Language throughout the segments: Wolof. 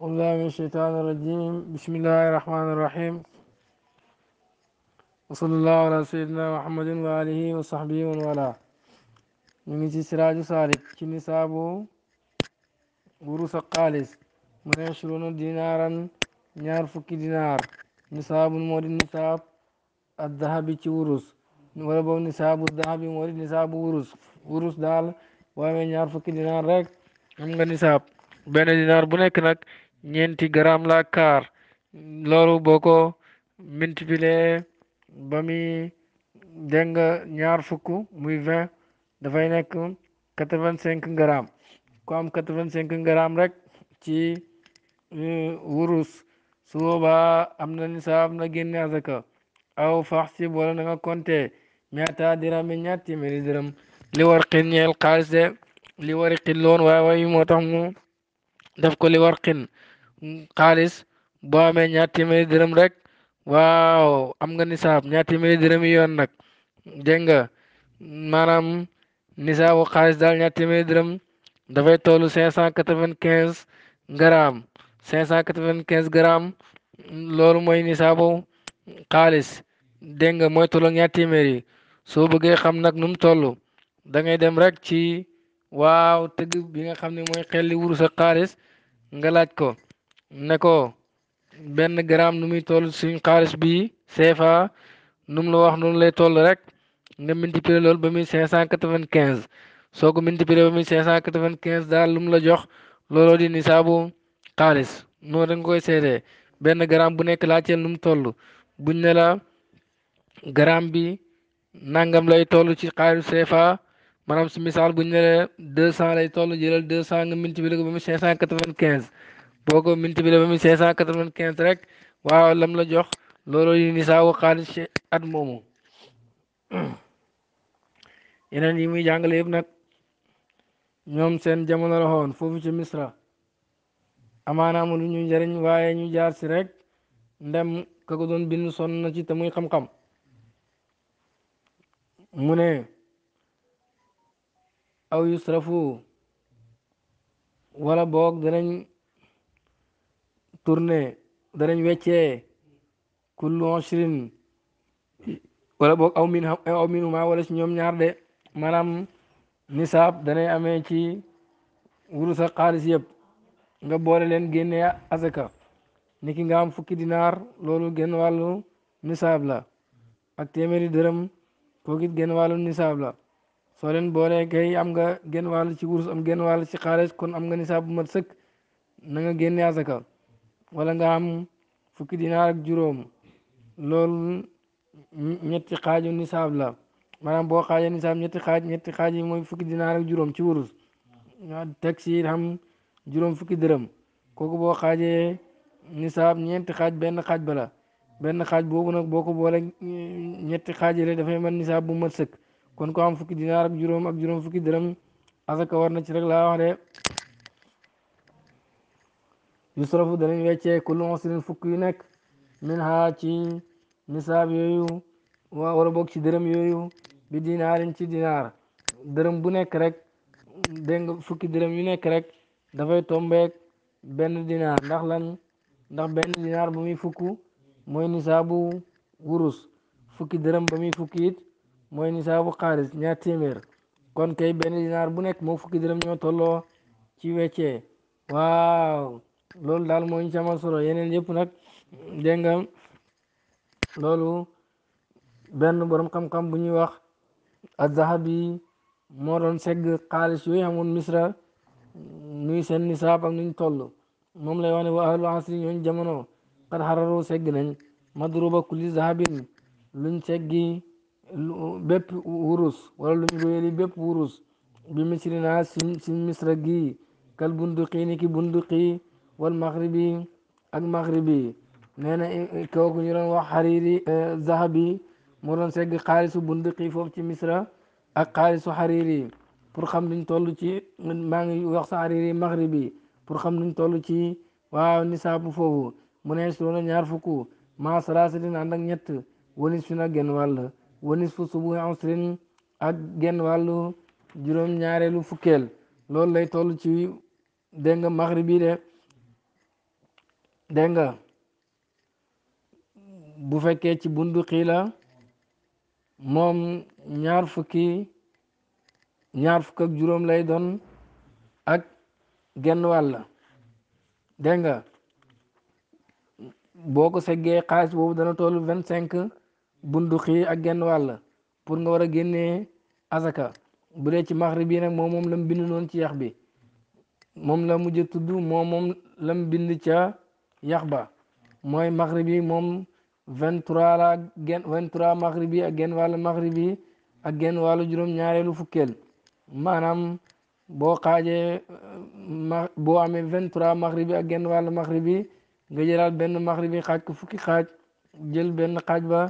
والله من الشيطان الرجيم بسم الله الرحمن الرحيم وصلى الله على سيدنا محمد وآله وصحبه والاه من سراج صالح كني سابو غورو قالس من يشرون دينارا نار فك دينار نصاب مورد نصاب الذهب ورس ولا بو نصاب الذهب مورد نصاب ورس ورس دال وامي نار فك دينار رك am nga nisaab benn dinaar bu nekk ñenti gram la quart lolu boko ko multiplier ba muy ñaar fuk muy 20 da fay nek 85 gram ko am 85 gram rek ci wurus su amna ni sa amna na azaka aw fax si nga konté ñata diram ñatti ñaar téeméeri li war xin ñeel de li wari xin loon way waaye moo mu daf ko li war xin xaalis boo amee ñaar téeméeri dërëm rek waaw am nga nisaab ñaar téeméeri dërëm yi yoon nag dégg nga maanaam nisaabu xaalis daal ñaar téeméeri dërëm dafay toll cinq cent quatre-vingt-quinze grammes cinq cent quatre-vingt-quinze grammes loolu mooy nisaabu xaalis dégg nga mooy toll ñaar téeméer yi soo bëggee xam nag nu mu da ngay dem rek ci waaw tëgg bi nga xam ne mooy xelli wurus ak xaalis nga laaj ko ne ko benn gramme nu muy toll suñ xaalis bi CFA nu mu la wax noonu lay toll rek minti multiplier loolu ba muy cinq cent quatre-vingt-quinze soo ko multiplier ba muy cinq cent quatre vingt daal lu mu la jox looloo di nisaabu xaalis noonu da nga koy seetee benn gramme bu nekk laajteel nu mu toll buñ ne la gramme bi nangam lay toll ci xaalis CFA maanaam si misaal buñ ne la deux cent lay toll jëlal deux cent nga multiplier ko ba muy cinq cent quatre boo ko multiplié ba mu cinq cent quatre-vingt-quinze rek waaw lam la jox looloo yi nisaawu xaalis at moomu yeneen yi muy jàngale yëpp nag ñoom seen jamono la xoon foofu ci misra amaana amul ñu njëriñ waaye ñu jaar si rek ndem ka ko doon bind sonn na ci te muy xam-xam mu ne aw yusrafu wala boog danañ turne dañ wéccé kullu ashrin wala bok aw min aw min ma wala ci ñom ñaar dé manam nisab danay amé ci wurus ak xaalis yëpp nga boole len génnee asaka niki nga am fukki dinar lolu genn walu nisab la ak téméri dërëm ko it genn walu nisab la so len boolee kay am nga genn walu ci wurus am genn walu ci xaalis kon am nga nisab bu mat sëkk na nga génnee asaka wala nga am fukki dinaar ak juróom loolu ñetti xaaju nisaab la maanaam boo xaajee nisaab ñetti xaaj ñetti xaaj yi mooy fukki dinaar ak juróom ci wurus teg si juróom fukki dërëm kooku boo xaajee nisaab ñeenti xaaj benn xaaj bala benn xaaj boobu nag boo ko boole ñetti xaaj yi dafay man nisaab bu mat sëkk kon ko am fukki dinaar ak juróom ak juróom fukki dërëm asaka war na ci rek laa wax de yusrafu danañ weccee kullu usrin fukk yu nekk min ha ci nisaab yooyu wala boog ci dërëm yooyu bi dinaarin ci dinaar dërëm bu nekk rek dégg nga fukki dërëm yu nekk rek dafay tombeek benn dinaar ndax lan ndax benn dinaar ba muy fukk mooy nisaabu wurus fukki dërëm ba muy fukki it mooy nisaabu xaalis ñaar téeméer kon kay benn dinaar bu nekk moo fukki dërëm ñoo tolloo ci weccee waaw loolu daal moo ñu ci solo yeneen yëpp nag dégg nga loolu benn borom xam-xam bu ñuy wax az-Zahabi moo doon segg xaalis yooyu amoon misra nuy seen nisaab ak nuñ toll moom lay wax ne ahlu asri ñooñ jamono xat xararoo segg nañ madruba kulli zahabin luñ seggi bépp wurus wala luñ wéyeli bépp wurus bi misrina si si misra gi kal bunduqi ni ki bunduqi wal maghribi ak maghribi nee na eh, kooku ñu doon wax xariri eh, zahabi mu doon segg xaalisu bunduqi foofu ci misra ak xaalisu xariri pour xam duñ toll ci maa ngi wax sa xariri maghribi pour xam duñ toll ci waaw nisaabu foofu mu ne suuna ñaar fukk maa salaasatin ànd ak ñett wanis fi genn wàll wanis fu subu ansrin ak genn wàllu juróom ñaareelu fukkeel loolu lay toll ci dégg maghribi de dégg nga bu fekkee ci bundu la moom ñaar fukki ñaar fukk ak juróom lay doon ak genn wàll dégg nga boo ko seggee xaalis boobu dana toll vingt cinq bundu xii ak genn wàll pour nga war a génnee asaka bu dee ci maxri bi nag moom la lam bind noonu ci yax bi moom la mujj tudd moom moom lam bind ca yax ba mooy maghribi moom vingt trois la gen vingt trois maghribi ak genn wàllu maghribi ak genn wàllu juróom-ñaareelu fukkeel maanaam boo xaajee ma boo amee vingt trois maghribi ak genn wàllu maghribi nga jëlaat benn maghribi xaaj ko fukki xaaj jël benn xaaj ba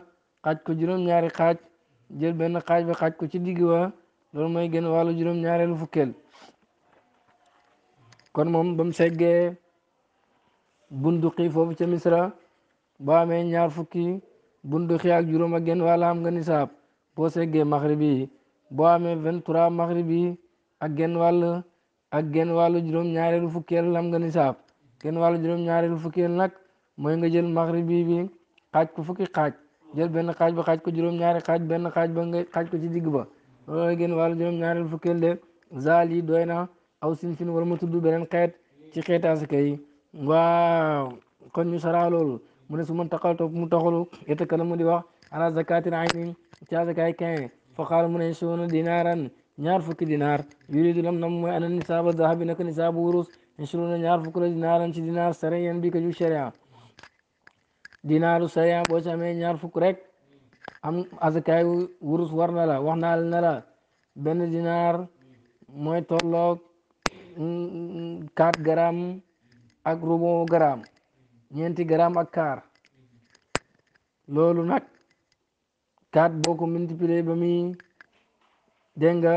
xaaj ko juróom-ñaari xaaj jël benn xaaj ba xaaj ko ci digg wa loolu mooy genn wàllu juróom-ñaareelu fukkeel kon moom ba seggee bunduqi foofu ca misra boo amee ñaar fukki bunduqi ak juróom ak genn wàll am nga nisaab boo seggee maxribi boo amee vingt trois maxribi ak genn wàll ak genn wàllu juróom-ñaareelu fukkeel am nga nisaab genn wàllu juróom-ñaareelu fukkeel nag mooy nga jël maxribi bi xaaj ko fukki xaaj jël benn xaaj ba xaaj ko juróom-ñaari xaaj benn xaaj ba nga xaaj ko ci digg ba loolu genn wàllu juróom-ñaareelu fukkeel de zaal yi doy na aw sinfin war ma tudd beneen xeet ci xeet asaka yi waa kon ñu saraa loolu mu ne su man taqalto mu taxalu yettakala mu di wax ala zakatin ayni ci zakay kin fa qaala mu ne insuuna dinaaran ñaar fukki dinaar yuridu lam nam mooy ana nisaaba dahabi naka nisaabu wurus insuuna ñaar fukki dinaaran ci dinaar sariyan bi ko ju sharia dinaaru sariya boo ci amee ñaar fukk rek a azakaay wurus war na la wax naa la ne benn dinaar mooy tolloog 4 mm, mm, grammes ak rubon gramme ñeenti gramme ak quart loolu nag quatre boo ko multiplier ba muy dégg nga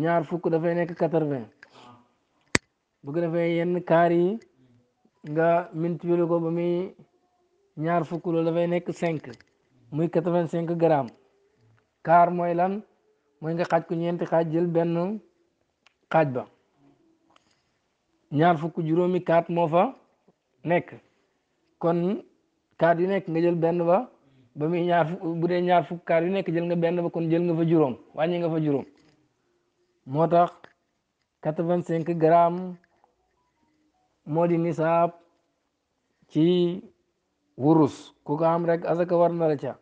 ñaar fukk dafay nekk quatre-vingt bu ko defee yenn kaar yi nga multiplier ko ba muy ñaar fukk loolu dafay nekk cinq muy quatre-vingt-cinq grammes kaar mooy lan mooy nga xaaj ko ñeenti xaaj jël benn xaaj ba ñaar fukk juróomi kaat moo fa nekk kon kaat yu nekk nga jël benn ba ba muy ñaar bu dee ñaar fukk kaat yu nekk jël nga benn ba kon jël nga fa juróom wàññi nga fa juróom moo tax quatre-vingt-cinq moo di nisaab ci wurus ku ko am rek asaka war na la ca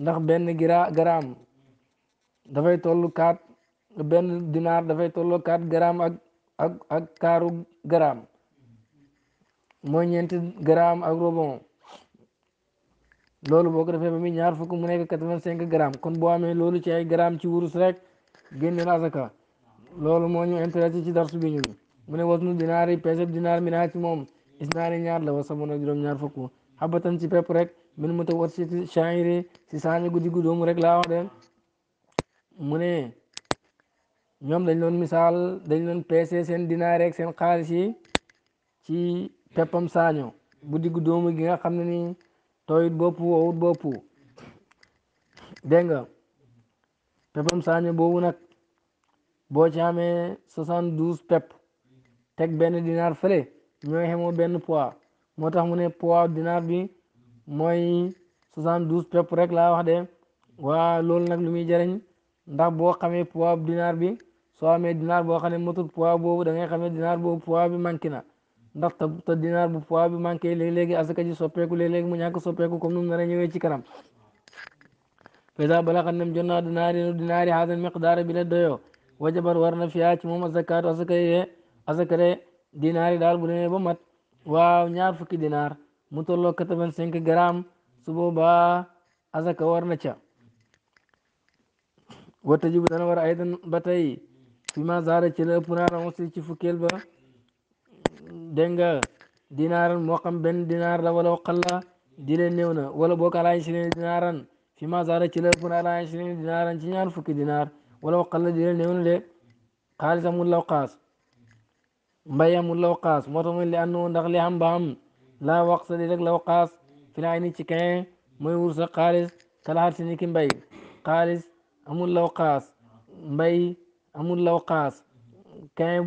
ndax benn gra gramme dafay tollu kaat benn dinaar dafay tollu kaat gramme ak ak kaaru garaam mooy ñeenti garaam ak robon loolu boo ko defee ba muy ñaar fukk mu nekk quatre-vingt-cinq grammes kon boo amee loolu ci ay grammes ci wurus rek génneel asaka loolu moo ñu intéressé ci darsu bi ñun mu ne wasnu dinaar yi peese dinaar mi naa ci moom isnaari ñaar la wasa mun a juróom-ñaar fukk xabatan ci pepp rek min mu ta wat si sha'iri si saañi guddi gudoomu rek laa wax de mu ñoom dañ doon misaal dañ doon peese seen dinaar rek seen xaalis yi ci peppam saaño bu diggu doomu gi nga xam ne ni tooyut bopp boppu bopp dégg nga peppam saaño boobu nag boo ci amee soixante douze pep teg benn dinaar fële ñooy xemoo benn poids moo tax mu ne poids dinaar bi mooy soixante douze pepp rek laa wax de waa loolu nag lu muy jëriñ ndax boo xamee poids dinaar bi soo amee dinaar boo xam ne motul poids boobu da ngay xam ne dinaar boobu poids bi manqué na ndax te dinaar bu poids bi manqué léeg-léegi asaka ji soppeeku léeg-léegi mu ñàkk soppeeku comme nu mu nar a ñëwee ci kanam fasa balaxa nem jot naa dinaari dinaari haadal miqdaara bi la doyoo wajabar war na fiyaa ci moom asakaatu asaka yee asaka de dinaari daal bu demee ba mat waaw ñaar fukki dinaar mu tolloo quatre-vingt-cinq grammes su boobaa asaka war na ca wata jibu dana war aydan ba tey lima zaara ci la ëpp naaran aussi ci fukkeel ba dégg nga dinaaran moo xam benn dinaar la wala xalla di leen néew na wala boog alaa ishirin dinaaran fi ma zaara ci la ëpp na alaa ishirin dinaaran ci ñaar fukki dinaar wala xalla di leen néew na de xaalis amul law xaas mbay amul law xaas moo tax mooy li àndoon ndax li am ba am laa wax sa di rek law xaas fi laay ni ci kañ mooy wur sa xaalis kalaxar si ni ki mbay xaalis amul law xaas mbay amul law xaas kaye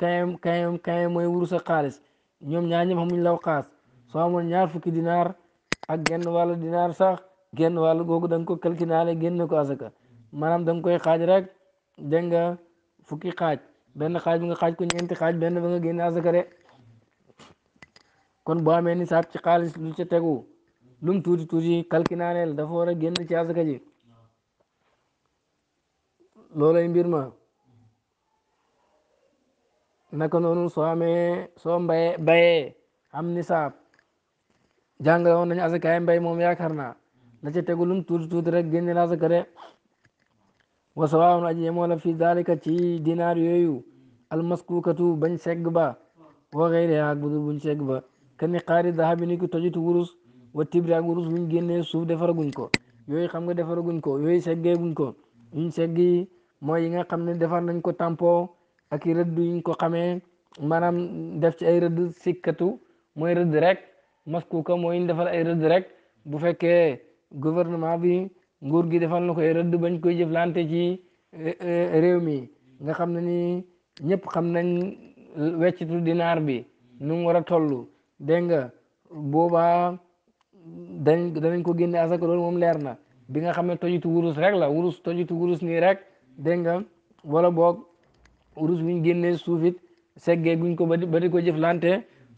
kaye kaye kaye mooy wurus ak xaalis ñoom ñaar ñëpp amuñ law xaas soo amoon ñaar fukki dinaar ak genn wàllu dinaar sax genn wàllu googu da ko kalkinaale génn ko asaka maanaam da koy xaaj rek dégg nga fukki xaaj benn xaaj bi nga xaaj ko ñeenti xaaj benn ba nga génne asaka de kon boo amee nisaab ci xaalis lu ci tegu lum tuuti tuuti kalkinaaneel dafa war a génn ci asaka ji loolay mbir ma naka noonu soo amee soo mbayee bayee am nisaab jàngale woon nañu asakaay mbay moom yaakaar naa la ca tegu lum tuuti tuuti rek génne la asaka de wa sawaawun aji yemoo la fi dalika ci dinaar yooyu almaskukatu bañ segg ba wa xeyre ak budu buñ segg ba kani xaari dahabi ni ku tojitu wurus wa tibri ak wurus buñ génnee suuf defaraguñ ko yooyu xam nga defaraguñ ko yooyu seggeeguñ ko yuñ seggi mooy yi nga xam ne defar nañ ko tampo ak i rëdd yuñ ko xamee maanaam def ci ay rëdd sikkatu mooy rëdd rek maskuuka mooy ñu defal ay rëdd rek bu fekkee gouvernement bi nguur gi defal na ko ay rëdd bañ koy jëflante ci e, e, réew mi nga xam ne ni ñëpp xam nañ weccitu dinaar bi nu mu war a toll dégg nga boobaa dañ danañ ko génne asaka loolu moom leer na bi nga xam ne tojitu wurus rek la wurus tojitu wurus nii rek dégg nga wala boog urus guñ génnee suuf it seggee guñ ko ba di ko jëflante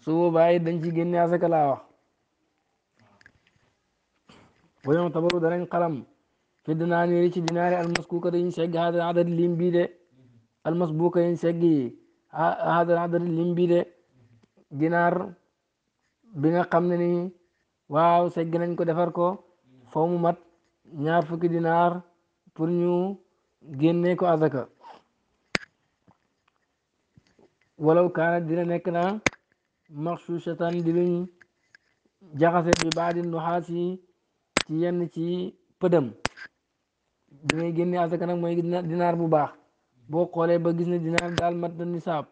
su boobaa dañ ci génne asaka laa wax wayoon tabaru danañ xalam fi dinaaniri ci dinaari almaskuuka bii de almasbuuka yiñ segg yi haadal adad de dinaar bi nga xam ne nii waaw segg nañ ko defar ko foo mu mat ñaar fukki dinaar pour ñu génne ko asaka walaw kaana dina nekk na maxsuusatan di luñ jaxase bi baadi nuxaasi ci yenn ci pëdëm bi ngay génne asaka nag mooy dinaar bu baax boo xoolee ba gis ne dinaar daal mat na nisaab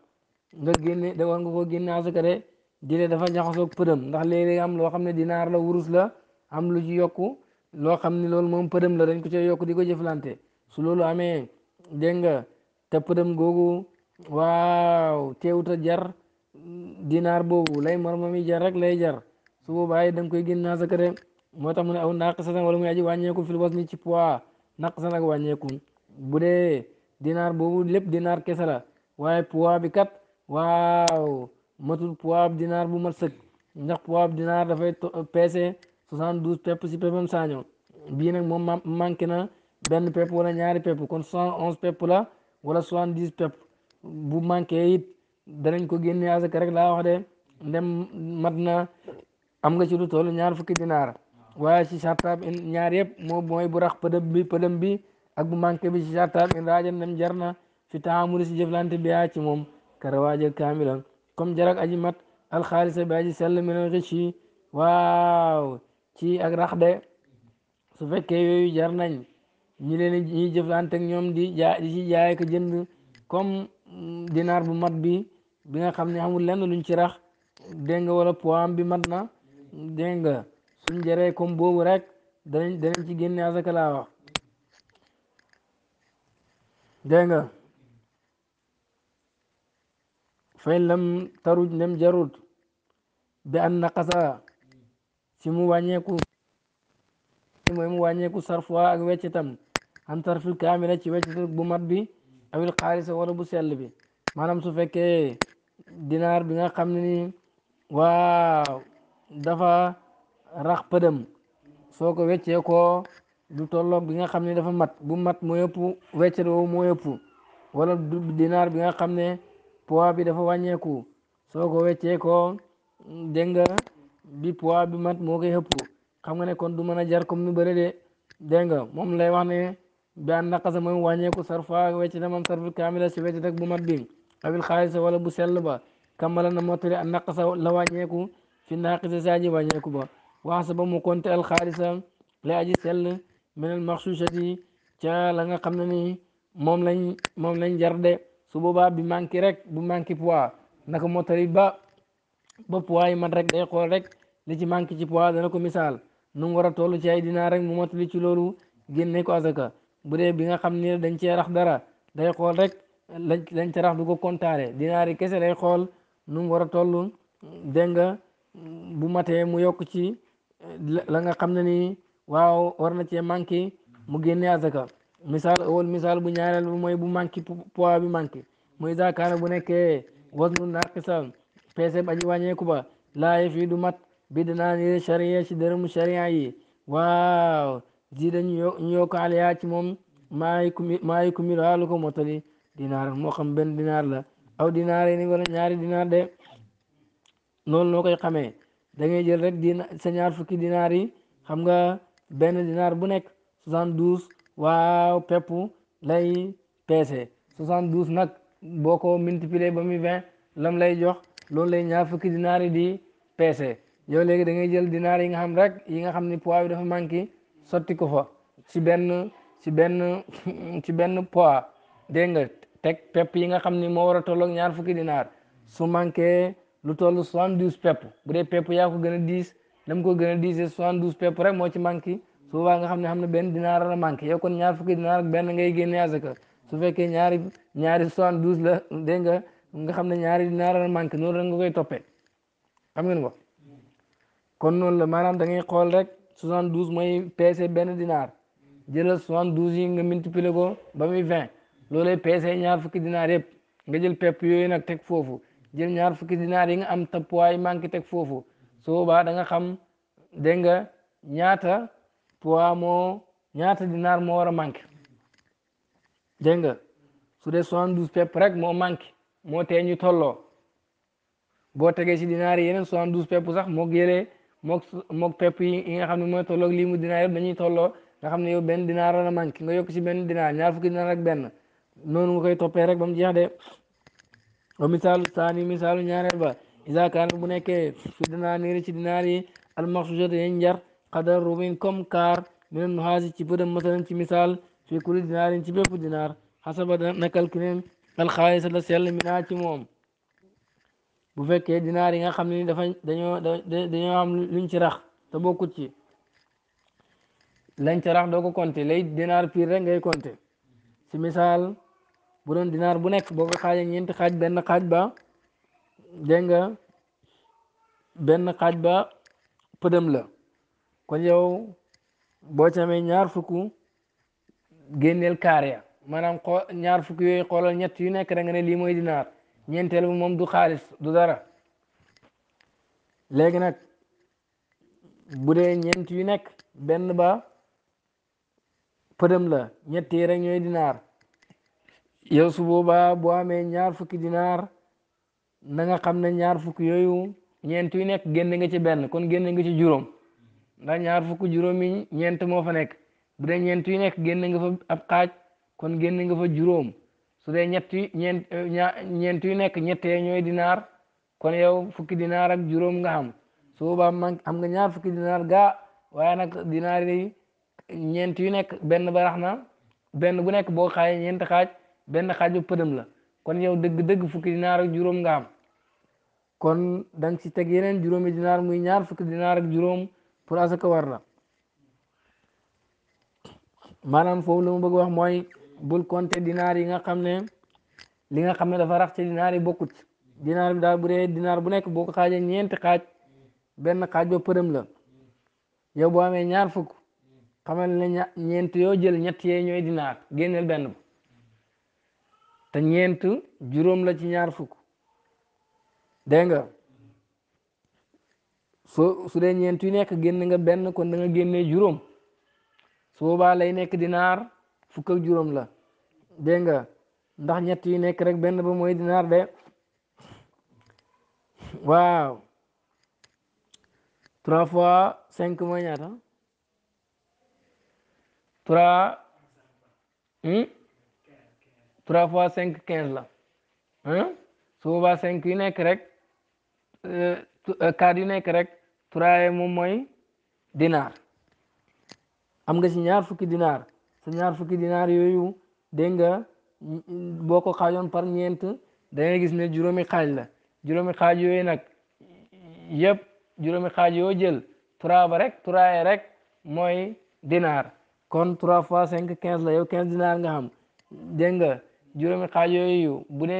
nga génne da war nga koo génne asaka de dile dafa jaxasoog pëdëm ndax léeg-léeg am loo xam ne dinaar la wurus la am lu ci yokku loo xam ne loolu moom pëdëm la dañ ko ci yokku di ko jëflante su loolu amee dégg nga te pëdëm googu waaw teewut a jar dinaar boobu lay marmami jar rek lay jar su boobaa yi da koy génn naa saka de moo tax mu ne aw naqisatan wala muy aji wàññeeku fil wasni ci poids naqisan ak wàññeeku bu dee dinaar boobu lépp dinaar kese la waaye poids bi kat waaw matul poids ab dinaar bu mat sëkk ndax poids ab dinaar dafay peese soixante douze pepp si peppam saaño bii moom manqué na benn pepp wala ñaari pepp kon soixante onze pepp la wala soixante dix bu manqué it danañ ko génne asaka rek laa wax de ndem na am nga ci lu toolu ñaar fukki dinaar waaye si sartaab ñaar yëpp moo mooy bu rax pëdëm bi ak bu manqué bi si sartaab in raaja ndem jar na fi taamuri si jëflante bi ci moom karawaaje kaamila comme jarak aji mat alxaalisa bi aji sell mi ne waaw ci ak rax de su fekkee yooyu jar nañ ñi leen ñoom di jaay di jënd comme dinaar mm, bu mat bi bi nga xam ne amul lenn luñ ci rax dégg nga wala poam bi mat na dégg nga suñ jëree comme boobu rek danañ danañ ci génne asaka laa wax dégg nga fay lam taruj ndem jarut bi an naqasa ci mu wàññeeku mooy mu wàññeeku sarfuwa ak weccitam an tarfil kaamila ci weccitu bu mat bi awil xaalisa wala bu sell bi maanaam su fekkee dinaar bi nga xam ne ni waa dafa rax soo ko weccee koo du tolloog bi nga xam ne dafa mat bu mat moo yëpp weccet woowu moo yëpp wala du dinaar bi nga xam ne poids bi dafa wàññeeku soo ko weccee koo dégg nga bi poids bi mat moo koy yëpp xam nga ne kon du mën a jar comme nu bëri de dégg nga moom lay wax bi an naqasa mooy wàññeeku sarfa weccitamam sarful kaamila si weccitak bu mat bi awil xaalisa wala bu sell ba kammala na mottali an naqasa la wàññeeku fi naaqisa saaji wàññeeku ba waxsa ba mu konte al xaalisa la aji sell min al maxsuusati ca la nga xam ne ni moom lañ moom lañ jarde su boobaa bi manqué rek bu manqué poids naka mottali ba ba poids yi man rek day xool rek li ci manqué ci poids dana ko misaal nu mu war a toll ci ay dinaar rek mu mottali ci loolu génne ko asaka bu dee bi nga xam ni dañ cee rax dara day xool rek lañ ca rax du ko kontaare dinaar yi kese lay xool nu mu war a toll dégg nga bu matee mu yokk ci la nga xam ne nii waaw war na cee manqué mu génne azaka misaal wol misaal bu ñaareel bi mooy bu manqué poids bi manqué muy zaakaana bu nekkee wasnu naqisa peese ba aji wàññeeku ba laaye fii du mat bi dinaa ni sharia ci dërëmu sharia yi waaw ziida dañu yokk aliyaa ci moom maa yi ku mira lu ko motali dinaar moo xam benn dinaar la aw dinaar yi ni wala ñaari dinaar de loolu noo koy xamee da jël rek dina sa ñaar fukki dinaar yi xam nga benn dinaar bu nekk soixante douze waaw pepp lay peese soixante douze nag boo ko multiplier ba muy vingt lam lay jox loolu lay ñaar fukki dinaari di peese yow léegi da ngay jël dinaar yi nga xam rek yi nga xam ni poids bi dafa sotti ko fa ci benn ci benn ci benn poids dégg nga teg pepp yi nga xam ni moo war a tolloog ñaar fukki dinaar su manqué lu toll soixante douze pepp bu dee pepp yaa ko gën a diis la mu ko gën a diisee soixante douze pepp rek moo ci manqué su boobaa nga xam ne xam ne benn dinaar la manqué yow kon ñaar fukki dinaar ak benn ngay génne asaka su fekkee ñaari ñaari soixante douze la dégg nga nga xam ne ñaari dinaar la manqué noonu la nga koy toppee xam ngeen ko rek. soixante douze mooy peese benn dinaar jëlal soixante douze yi nga multiplier ko ba muy vingt loolee peese ñaar fukki dinaar yëpp nga jël pepp yooyu nag teg foofu jël ñaar fukki dinaar yi nga am te poids yi manqué teg foofu su boobaa da nga xam dégg nga ñaata poids moo ñaata dinaar moo war a manqué dégg nga su dee soixante douze pepp rek moo manqué moo tee ñu tolloo boo tegee ci dinaar yi yeneen soixante douze pepp sax moo gëlee mook mook pepp yi nga xam ne mooy tolloog lii mu dinaar yëpp dañuy tolloo nga xam ne yow benn dinaar la manqué nga yokk ci benn dinaar ñaar fukki dinaar ak benn noonu nga koy toppee rek ba mu jeex de o misaalu saani misaalu ñaareel ba isa bu nekkee fi dinaar niiri ci dinaar yi almaxsuusat yañ njar xadar rubin comme kaar mine nuhaasi ci pëdam masalan ci misaal fi kulli dinaarin ci bépp dinaar xasaba dana calculer alxaalis la sell minaa ci moom bu fekkee dinaar yi nga xam ne dafa dañoo dañoo am luñ ci rax te bokkut ci lañ ci rax doo ko compter lay dinaar piir rek ngay compter si misaal bu doon dinaar bu nekk boo ko xaajee ñeenti xaaj benn xaaj ba dégg nga benn xaaj ba pëdëm la kon yow boo ci amee ñaar fukk génneel kaar ya maanaam ñaar fukk yooyu xoolal ñett yu nekk rek nga ne lii mooy dinaar. ñeenteel bi moom du xaalis du dara léegi nag bu dee ñeent yu nekk benn ba pëdëm la ñett yi rek ñooy dinaar yow su boobaa boo amee ñaar fukki dinaar na nga xam ne ñaar fukki yooyu ñeent yu nekk génn nga ci benn kon génn nga ci juróom ndax ñaar fukki juróom yi ñeent moo fa nekk bu dee ñeent yu nekk génn nga fa ab xaaj kon génn nga fa juróom su dee ñett yi ñeent ñeent yu nekk ñettee ñooy dinaar kon yow fukki dinaar ak juróom nga xam su boobaa man am nga ñaar fukki dinaar gaa waaye nag dinaar yi ñeent yu nekk benn barax na benn bu nekk boo xaayee ñeent xaaj benn xaaju pëdëm la kon yow dëgg-dëgg fukki dinaar ak juróom nga am kon dang ci teg yeneen juróomi dinaar muy ñaar fukki dinaar ak juróom pour asaka war la maanaam foofu la mu bëgg wax mooy bul compter dinaar yi nga xam ne li nga xam ne dafa rax ci dinaar yi bokkut dinaar bi daal bu dee dinaar bu nekk boo ko xaajee ñeenti xaaj benn xaaj ba la yow boo amee ñaar fukk xamal ne ñeent yoo jël ñett yee ñooy dinaar génneel benn ba te ñeent juróom la ci ñaar fukk dégg nga soo su dee ñeent yu nekk génn nga benn kon da nga génnee juróom su boobaa lay nekk dinaar fukk juróom la dégg nga ndax ñett yi nekk rek benn ba moy dinaar de waaw trois fois cinq mooy ñaata trois hmm? trois fois cinq quinze la hmm? su boobaa cinq yu nekk rek euh, euh, quatre yu nekk rek trois moom mooy dinaar am nga ci ñaar fukki dinaar su ñaar fukki dinaar yooyu dégg nga boo ko xaajoon par ñeent da ngay gis ne juróomi xaaj la juróomi xaaj yooyu nag yëpp juróomi xaaj yoo jël trois ba rek trois yi rek mooy dinaar kon trois fois cinq quinze la yow quinze dinaar nga xam dégg nga juróomi xaaj yooyu bu ne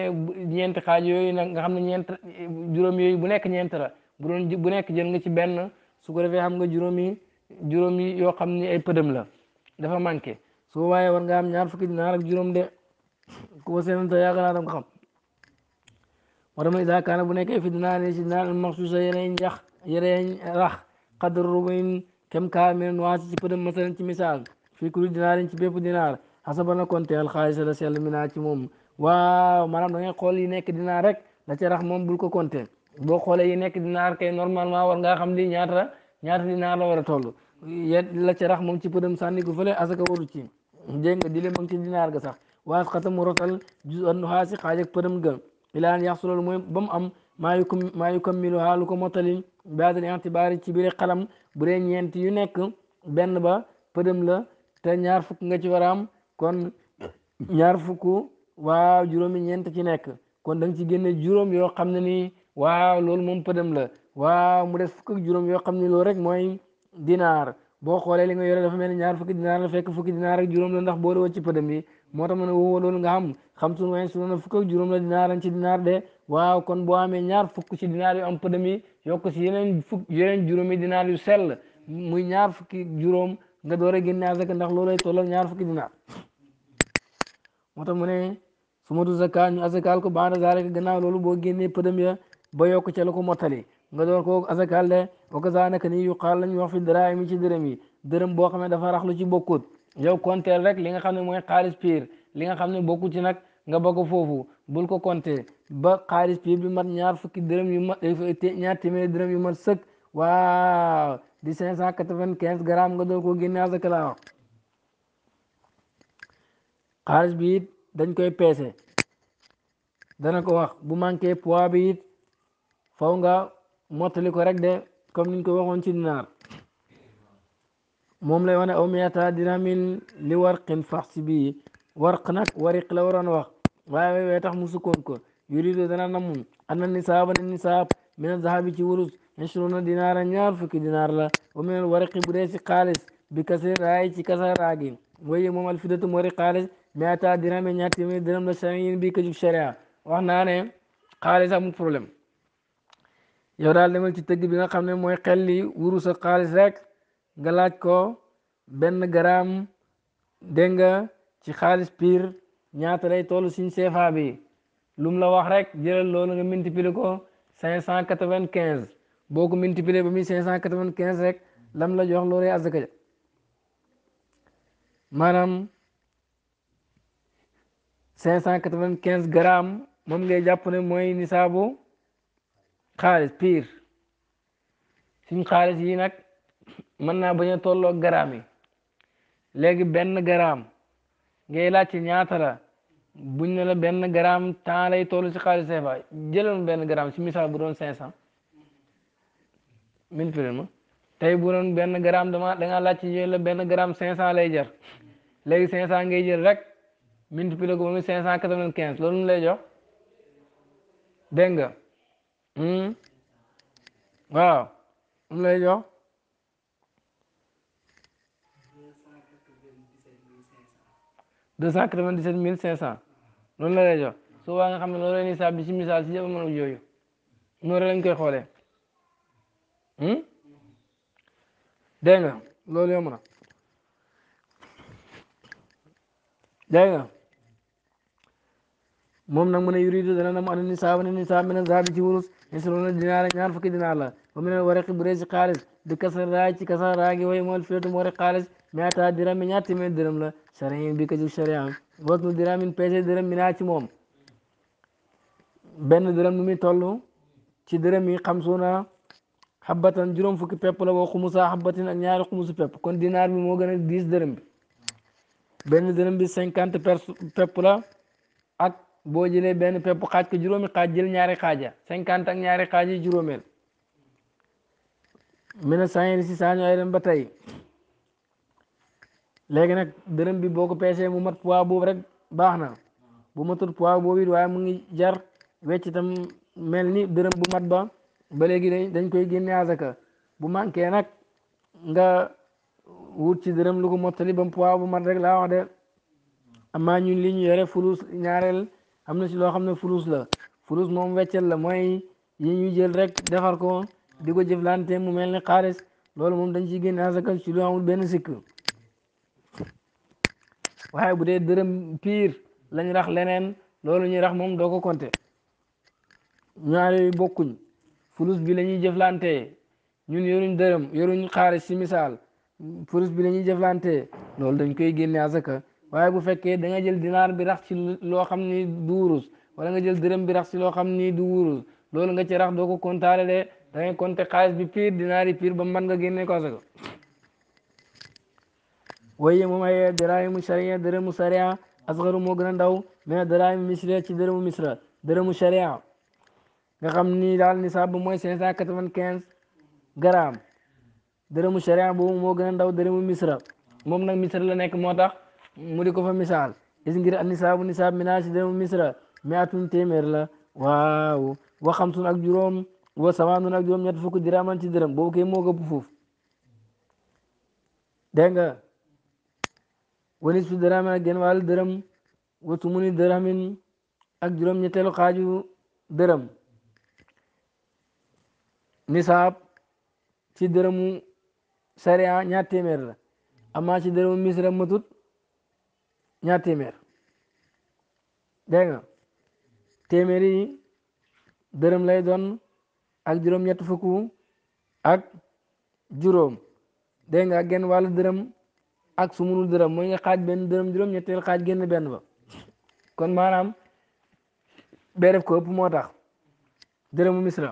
ñeenti xaaj yooyu nag nga xam ne ñeent juróomi yooyu bu nekk ñeent la bu doon bu nekk jël nga ci benn su ko defee xam nga juróomi juróomi yoo xam ni ay pëdëm la dafa manqué soo waaye war nga am ñaar fukki dinaar juróom de ku ko seenante yaakaar naa da nga xam war ma idaa kaana bu nekkee fi dinaar ne si dinaar maxsuusa yeneen yax yeneen rax qadar rubayin kem kaar meen waasi ci pëdëm masalan ci misaal fii kulli ci bépp dinaar xasaba na konte alxaalis la sell minaa ci moom waaw maanaam da ngay xool yi nekk dinaar rek la ci rax moom bul ko konte boo xoolee yi nekk dinaar kay normalement war ngaa xam li ñaata dinaar la war a toll yet la ca rax moom ci pëdëm sànni ko fële asaka waru ci dégg nga dile ma ngi ci dinaar ga sax waas xata mu rotal juz an nuhaa si xaaj ak ga ilaan yaxsu loolu mooy ba mu am maa yu ko maa yu ko milu xaalu ko mottali baadal intibaari ci biir xalam bu dee ñeent yu nekk benn ba përëm la te ñaar fukk nga ci war kon ñaar fukk waaw juróomi ñeent ci nekk kon da ci génne juróom yoo xam ne ni waaw loolu moom përëm la waaw mu de fukk ak juróom yoo xam ne loolu rek mooy dinaar boo xoolee li nga yore dafa mel ni ñaar fukki dinaar la fekk fukki dinaar ak juróom la ndax boole woo ci pëdëm bi moo tax ma ne woo loolu nga xam xam suñu wayen suñu na fukk ak juróom la dinaar lañ ci dinaar de waaw kon boo amee ñaar fukk ci dinaar yu am pëdëm yi yokk si yeneen fukk yeneen juróomi dinaar yu sell muy ñaar fukki juróom nga door a génne asaka ndax loolay tollal ñaar fukki dinaar moo tax mu ne su ma du zakka ñu asakaal ko baana zaalika gannaaw loolu boo génnee pëdëm ya ba yokk ca la ko mottali nga door koo asakaal de wa kazaalika ni yuqaal lañ wax fi daraahim ci dërëm yi dërëm boo xam ne dafa raxlu ci bokkut yow compter rek li nga xam ne mooy xaalis piir li nga xam ne bokkut ci nag nga bokk foofu bul ko compter ba xaalis piir bi mat ñaar fukki dërëm yu mat eh, ñaar téeméeri dërëm yu mat sëkk waaw di cinq cent quatre-vingt-quinze grammes nga door koo génne asaka laa wax bi it dañ koy peese dana ko wax bu manqué poids bi it faw nga mottali ko rek de comme niñ ko waxoon ci dinaar moom lay wane aw miata dinamin li warqin faxsi bi warq nag wariq la waroon wax waaye wee tax mu sukkoon ko yurido dana namun anna nisaaba ne nisaab min azahabi ci wurus ishruna dinaara ñaar fukki dinaar la wa min al warqi bu dee si xaalis bi kase raay ci kasa raagi mooy moom alfidatu mori xaalis miata dinami ñaar téeméer dërëm la charin bi ka sharia wax naa ne xaalis amul problème yow daal demal ci tëgg bi nga xam ne mooy xelli wurus xaalis rek nga laaj ko benn garaam dégg nga ci xaalis piir ñaata lay toll suñ CFA bi lu la wax rek jëlal loolu nga multiplier ko cinq cent quatre-vingt-quinze boo ko multiplier ba muy cinq cent quatre quinze rek lam la jox loolu azaka ja maanaam cinq cent quatre-vingt-quinze garaam moom ngay jàpp ne mooy nisaabu xaalis piir suñ xaalis yi nag mën naa bañ a tolloo garaam yi léegi benn garaam ngay laajte ñaata la buñ ne la benn garaam temps lay toll ci xaalis CFA jëloon benn garaam ci misaal bu doon cinq cent mille firima tey bu doon benn garaam dama da ngaa ci ñu la benn garaam cinq cent lay jar léegi cinq cent ngay jël rek multiplié ko ba mu cinq cent quatre-vingt-quinze loolu lay jox dégg nga waaw mu lay jox deux cent quatre-vingt-dix-sept mille cinq cent loolu la lay jox su waa nga xam ne loolu la nisaab bi ci misaal si jamono jooju noonu lañ koy xoolee dégg nga loolu yomb na dégg nga moom nag mu ne yuridu dana na mu ana nisaab ne nisaab wurus يسرون جنار فكيد فكي لا ومن الورق بريج قالس دكسر راج كسر راج وهي مال فيت مور قالس مياتا درهم من ياتي من درهم لا شرعين بك جو شرعان وطن درهم من بيجي درهم من آتي موم بين درهم نمي تلو ci dërëm خمسونا xamsuuna xabbatan juróom fukki pepp la woo xumusa xabbatin ak ñaari xumusu pepp kon dinaar bi moo gën a diis dërëm bi boo jëlee benn pepp xaaj ko juróomi xaaj jël ñaari xaaja cinquante ak ñaari xaaj yi juróomeel mu ne saa yi ba tey léegi nag dërëm bi boo ko peesee mu mat poids boobu rek baax na bu matul poids boobu it waaye mu ngi jar wecc itam mel ni dërëm bu mat ba ba léegi dañ koy génne asaka bu manqué nag nga wut dërëm lu ko mottali ba bu mat rek laa wax de amaa ñun li ñu yore ñaareel. am na ci loo xam ne furus la furus moom weccel la mooy yi ñuy jël rek defar ko di ko jëflante mu mel ni xaalis loolu moom dañ ciy génne asaka ci lu amul benn sikk waaye bu dee dërëm piir lañ rax leneen loolu ñuy rax moom doo ko compter ñaari bokkuñ fulus bi la ñuy jëflante ñun yoruñ dërëm yoruñ xaalis ci misaal fulus bi la ñuy jëflante loolu dañ koy génne asaka waaye bu fekkee da nga jël dinaar bi rax ci loo xam ni du wurus wala nga jël dërëm bi rax ci loo xam ni du wurus loolu nga ci rax doo ko kontaale de da ngay compter xaalis bi piir dinaar yi piir ba mën nga génne ko asaka waaye moom ay daraayimu sharia dërëmu sharia asgaru moo gën a ndaw mais daraayimu misra ci dërëmu misra dërëmu sharia nga xam ni daal nisaab ba mooy cinq cent quatre-vingt-quinze grammes dërëmu sharia boobu moo gën a ndaw dërëmu misra moom nag misra la nekk moo tax mu di ko fa misaal is ngir a nisaabu nisaab minaa si demu misra miatun téeméer la waaw wa xamsun ak juróom wa samaanun ak juróom ñett fukk diraaman ci dërëm boobu kay moo gëpp fuuf dégg nga wa nisfu diraaman ak wa tumuni dërëmin ak juróom ñetteelu xaaju dërëm nisaab ci dërëmu sariya ñaar téeméer la amaa ci dërëmu misra matut ñaar téeméer dégg nga téeméer yi dërëm lay doon ak juróom-ñett fukk ak juróom dégg nga ak genn wàllu dërëm ak su munul dërëm mooy nga xaaj benn dërëm juróom-ñetteel xaaj génn benn ba kon maanaam beref ko ëpp moo tax dërëmu misra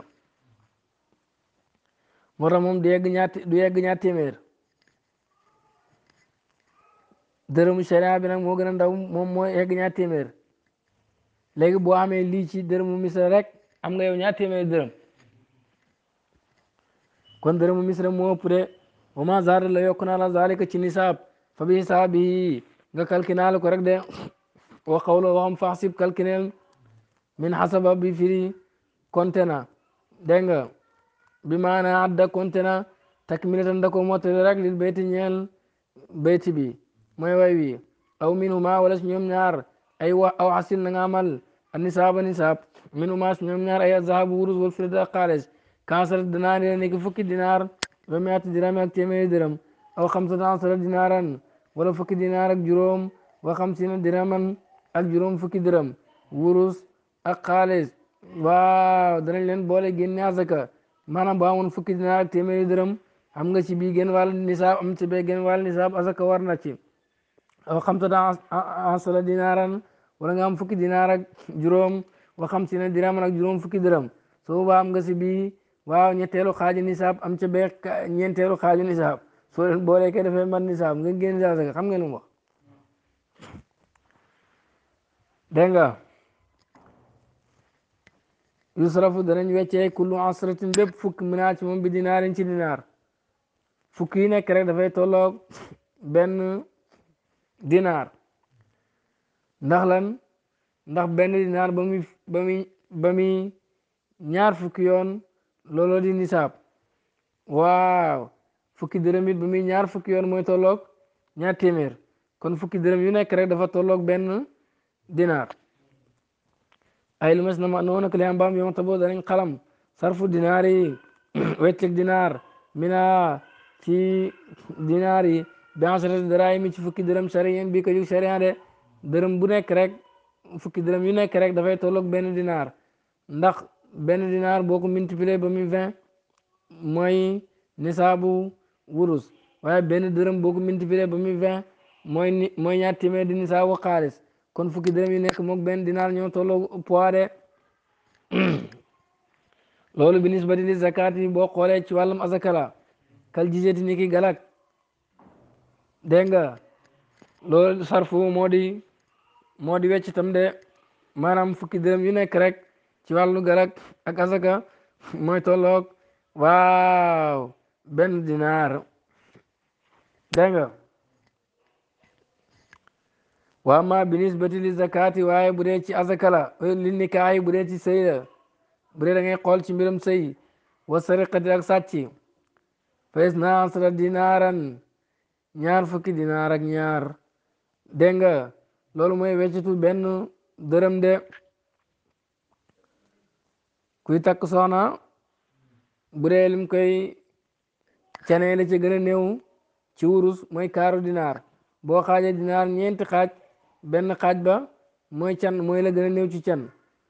moo tax moom du yegg ñaar du yegg ñaar téeméer. dërëmu sharia bi nag moo gën a ndaw moom mooy egg ñaar téeméer léegi boo amee lii ci dërëmu misra rek am nga yow ñaar téeméer dërëm kon dërëmu misra moo ëpp de wa ma zaada la yokk naa la zalika ci nisaab fa bi hisaab yi nga kalkinaal ko rek de wa xawlo waxam faxsib kalkineel min xasaba bi firi konte na dégg nga bi maana adda konte na takmilatan da ko rek lil bayti ñeel bayti bi may waywi aw minhuma wala suñoom ñaar ay wa aw xasil na nga amal annisaaba nisaab minhuma suñoom ñaar ay azahabu wurus wal firda xaalis kaasara dinaar ya nekk fukki dinaar ba miyaati diraam ak téeméeri diram aw xamsata asara dinaaran wala fukki dinaar ak juróom wa xamsina diraman ak juróom fukki diram wurus ak xaalis waaw danañ leen boole génne asaka maanaam bu amoon fukki dinaar ak téeméeri dërëm am nga ci bii gën wàll nisaab am ci bee gën wàll nisaab asaka war na ci aw xamsata asala dinaaran wala nga am fukki dinaar ak juróom wa xamsina diraaman juróom fukki dërëm su boobaa am nga si bii waaw ñetteelu xaaju nisaab am ca bee ñeenteelu xaaju nisaab soo leen boolee kay dafay man nisaab nga génn zaasa xam nga nu mu wax dégg nga yusrafu danañ weccee kullu asratin bépp fukk minaa ci bi dinaarin ci dinaar fukk yi nekk rek dafay tolloog dinaar ndax lan ndax benn dinaar ba muy ba muy ba ñaar fukki yoon looloo di nisaab waaw fukki dërëm ba muy ñaar fukki yoon mooy tollook ñaar téeméer kon fukki dërëm yu nekk rek dafa tolloog benn dinaar ay lu mes na ma noonu li am baam yoon taboo danañ xalam sarfu dinaar yi dinaar mina ci dinaar bi yi daraahim ci fukki dërëm sariyan bi ko jug sariya de dërëm bu nekk rek fukki dërëm yu nekk rek dafay tolloog benn dinaar ndax benn dinaar boo ko multiplier ba muy vingt mooy nisaabu wurus waaye benn dërëm boo ko multiplier ba muy vingt mooy ni mooy ñaar téeméer di nisaabu xaalis kon fukki dërëm yu nekk moog benn dinaar ñoo tolloog poids de loolu bi nisbati li zakat boo xoolee ci wàllum azakala kal jiseeti ni ki galak dégg nga loolu sarfu moo di moo di wecc tam de maanaam fukki dërëm yu nekk rek ci wàllu garak ak asaka mooy tolloog waaw benn dinaar dégg waa ma bi nisbati li zakati waaye bu dee ci asaka la li nikaayi bu dee ci sëy la bu xool ci mbiram sëy wa sariqati ak sàcc fees naa asra dinaaran ñaar fukki dinaar ak ñaar dégg nga loolu mooy weccitu benn dërëm de kuy takk soxna bu dee lim koy canee la ci gën a néew ci wurus mooy kaaru dinaar boo xaajee dinaar ñeenti xaaj benn xaaj ba mooy can mooy la gën a néew ci can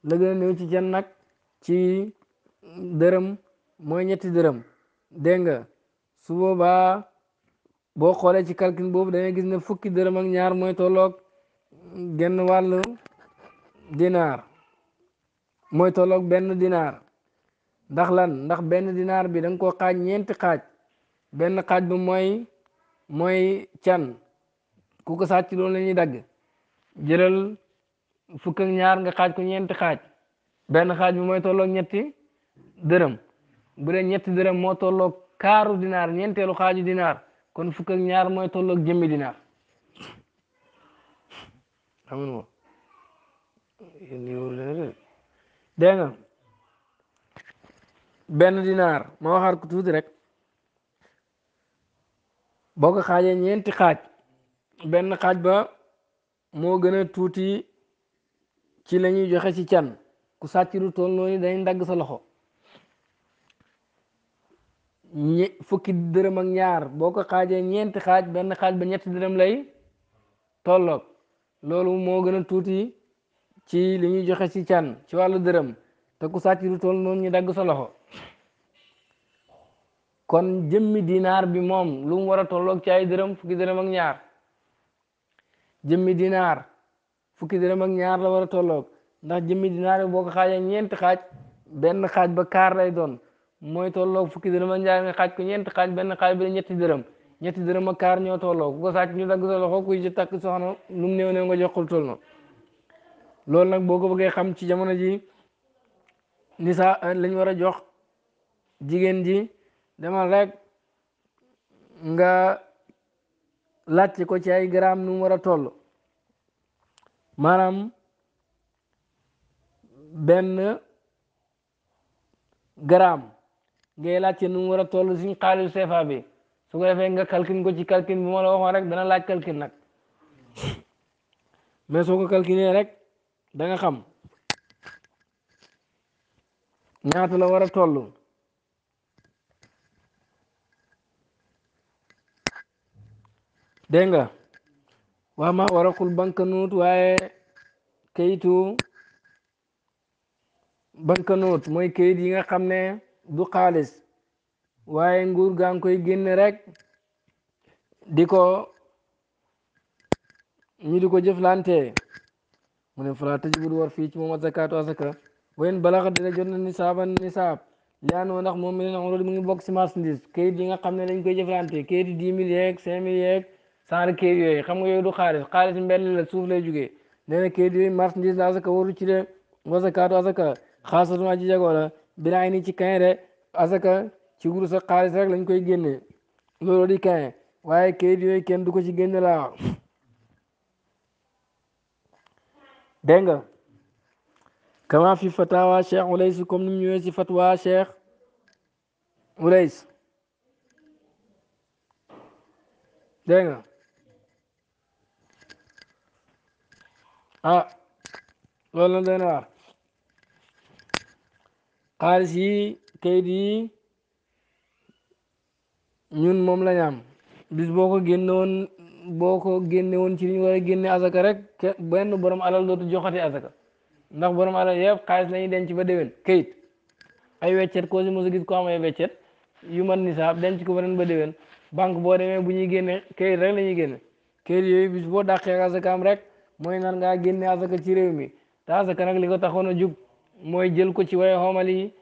la gën a néew ci can nag ci dërëm mooy ñetti dërëm dégg nga su boo xoolee ci calcul boobu da ngay gis ne fukki dërëm ak ñaar mooy tolloog genn wàllu dinaar mooy tollook benn dinaar ndax lan ndax benn dinaar bi da nga koo ñeenti xaaj benn xaaj bi mooy mooy can ku ko sàcc loolu la dagg jëlal fukk ñaar nga xaaj ko ñeenti xaaj benn xaaj bi mooy tollook ñetti dërëm bu dee ñetti dërëm moo tolloog kaaru dinaar ñeenteelu xaaju dinaar kon fukk ñaar mooy tolloog jëmmi dinaar amun mo benn dinaar ma waxaat ko tuuti rek boo ko xaajee ñeenti xaaj benn xaaj ba moo gën a tuuti ci la ñuy joxe ci can ku sàcc lu toll noonu dañ dagg sa loxo ñi fukki dërëm ak ñaar boo ko xaajee ñeenti xaaj benn xaaj ba ñetti dërëm lay tolloog loolu moo gën a tuuti ci li ñuy joxe ci can ci wàllu dërëm te ku sàcc du toll noonu ñu dagg sa loxo kon jëmmi dinaar bi moom lu mu war a tolloog ci ay dërëm fukki dërëm ak ñaar jëmmi dinaar fukki dërëm ak ñaar la war a tolloog ndax jëmmi dinaar bi boo ko xaajee ñeenti xaaj benn xaaj ba kaar lay doon mooy tollo fukki dërëm ak nga xaaj ko ñeent xaaj benn xaaj bi ñetti dërëm ñetti dërëm ma kaar ñoo tolloo ku ko sàcc ñu dagg sa loxo kuy ci takk soxna lu mu néew néew nga jox ko toll na loolu nag boo ko bëggee xam ci jamono ji nisaa euh, lañ war a jox jigéen ji demal rek nga laajte ko ci ay garaam num mu war a toll maanaam benn garaam ngay laajte nu mu war a toll suñ xaalis CFA bi su ko defee nga calcul ko ci calcul bi ma la waxoon rek dana laaj calcul nag mais soo ko calculé rek danga nga xam ñaata la war a toll dégg nga waa ma waraqul bankanut waaye kayitu bankanut mooy kayit yi nga xam ne du xaalis waaye nguur gaa ngi koy génn rek di ko ñu di ko jëflante mu ne fala tëj bul war fii ci moom azakaatu azaka wayen balaxa dina jot na nisaaban nisaab lianoo ndax moom mi leen xoolal mu ngi bokk si marchandise kayit yi nga xam ne lañ koy jëflante kayit yi dix mille yeeg cinq mille yeeg cent kayit yooyu xam nga yooyu du xaalis xaalis mbenn la suuf lay jugee nee na kayit yooyu marchandise la azaka waru ci de wa zakaatu azaka xaasatuma ji jagoo la bilaay ni ci kañ de asaka ci wurus ak xaalis rek lañ koy génne loolu di kañ waaye kayit yooyu kenn du ko ci génne laa dégg nga kama fi fatawa cheikh Oulays comme ni mu ñëwee si fatwa cheikh Oulays dégg nga ah, na waar xaalis yi kayit yi ñun moom lañ am bis boo ko génnewoon boo ko génnewoon ci li ñu war a génne rek benn borom alal dootu joxati azaka ndax borom alal yëpp xaalis lañuy denc ba déwén kayit ay weccet koo si mos a gis ko am ay weccet yu man nisaab denc ko ba ren ba déwén banque boo demee bu ñuy génne kayit rek la ñuy génne kayit yooyu bis boo dàqee am rek mooy nar ngaa génne azaka ci réew mi te azaka nag li ko taxoon a jug mooy jël ko ci way xoomal yi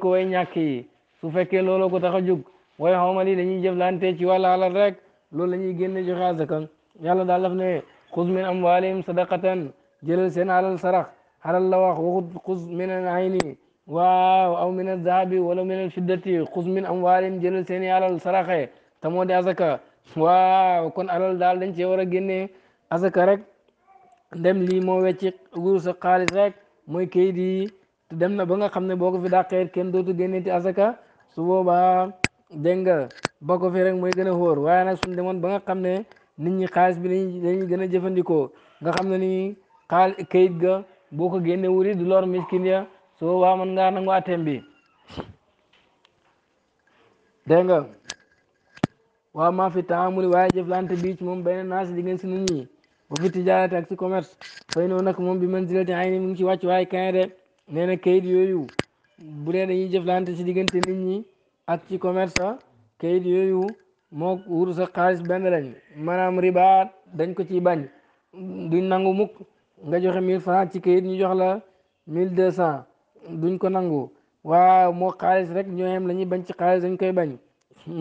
ko way ñàkk yi su fekkee looloo ko tax a jóg way xoomal yi dañuy jëflante ci wàll alal rek loolu la ñuy génne joxe asaka yàlla daal daf ne xuz min amwaalihim sadaqatan jëlal seen alal sarax xaral la wax waxut xuz min al ayni waaw aw min al zahabi wala min al fiddati xuz min amwaalihim jëlal seen alal saraxe te moo di asaka waaw kon alal daal dañ cee war a génne asaka rek ndem li moo wecci wurus xaalis rek mooy kayit yi te dem na ba nga xam ne boo ko fi dàqeet kenn dootu génneeti asaka su boobaa dégg nga ba ko fi rek mooy gën a xóor waaye nag suñ demoon ba nga xam ne nit ñi xaalis bi dañuy gën a jëfandikoo nga xam ne ni xaal kayit ga boo ko génne wuri du lor miskin ya su boobaa mën ngaa nangu atem bi dégg nga waaw maa fi taamuli waaye jëflante bi ci moom benn naas diggante si nit ñi wa fi tijaarati ak ci commerce fay noonu nag moom bi manzilati ayni mu ngi ci wàccu waay kañ de nee na kayit yooyu bu dee dañuy jëflante ci diggante nit ñi ak ci commerce ah, kayit yooyu moo wurus ak xaalis benn lañ maanaam riba dañ ko ciy bañ duñ nangu mukk nga joxe 1000 francs ci kayit ñu jox la 1200 duñ ko nangu waaw moo xaalis rek ñoo yem lañuy bañ ci xaalis dañ koy bañ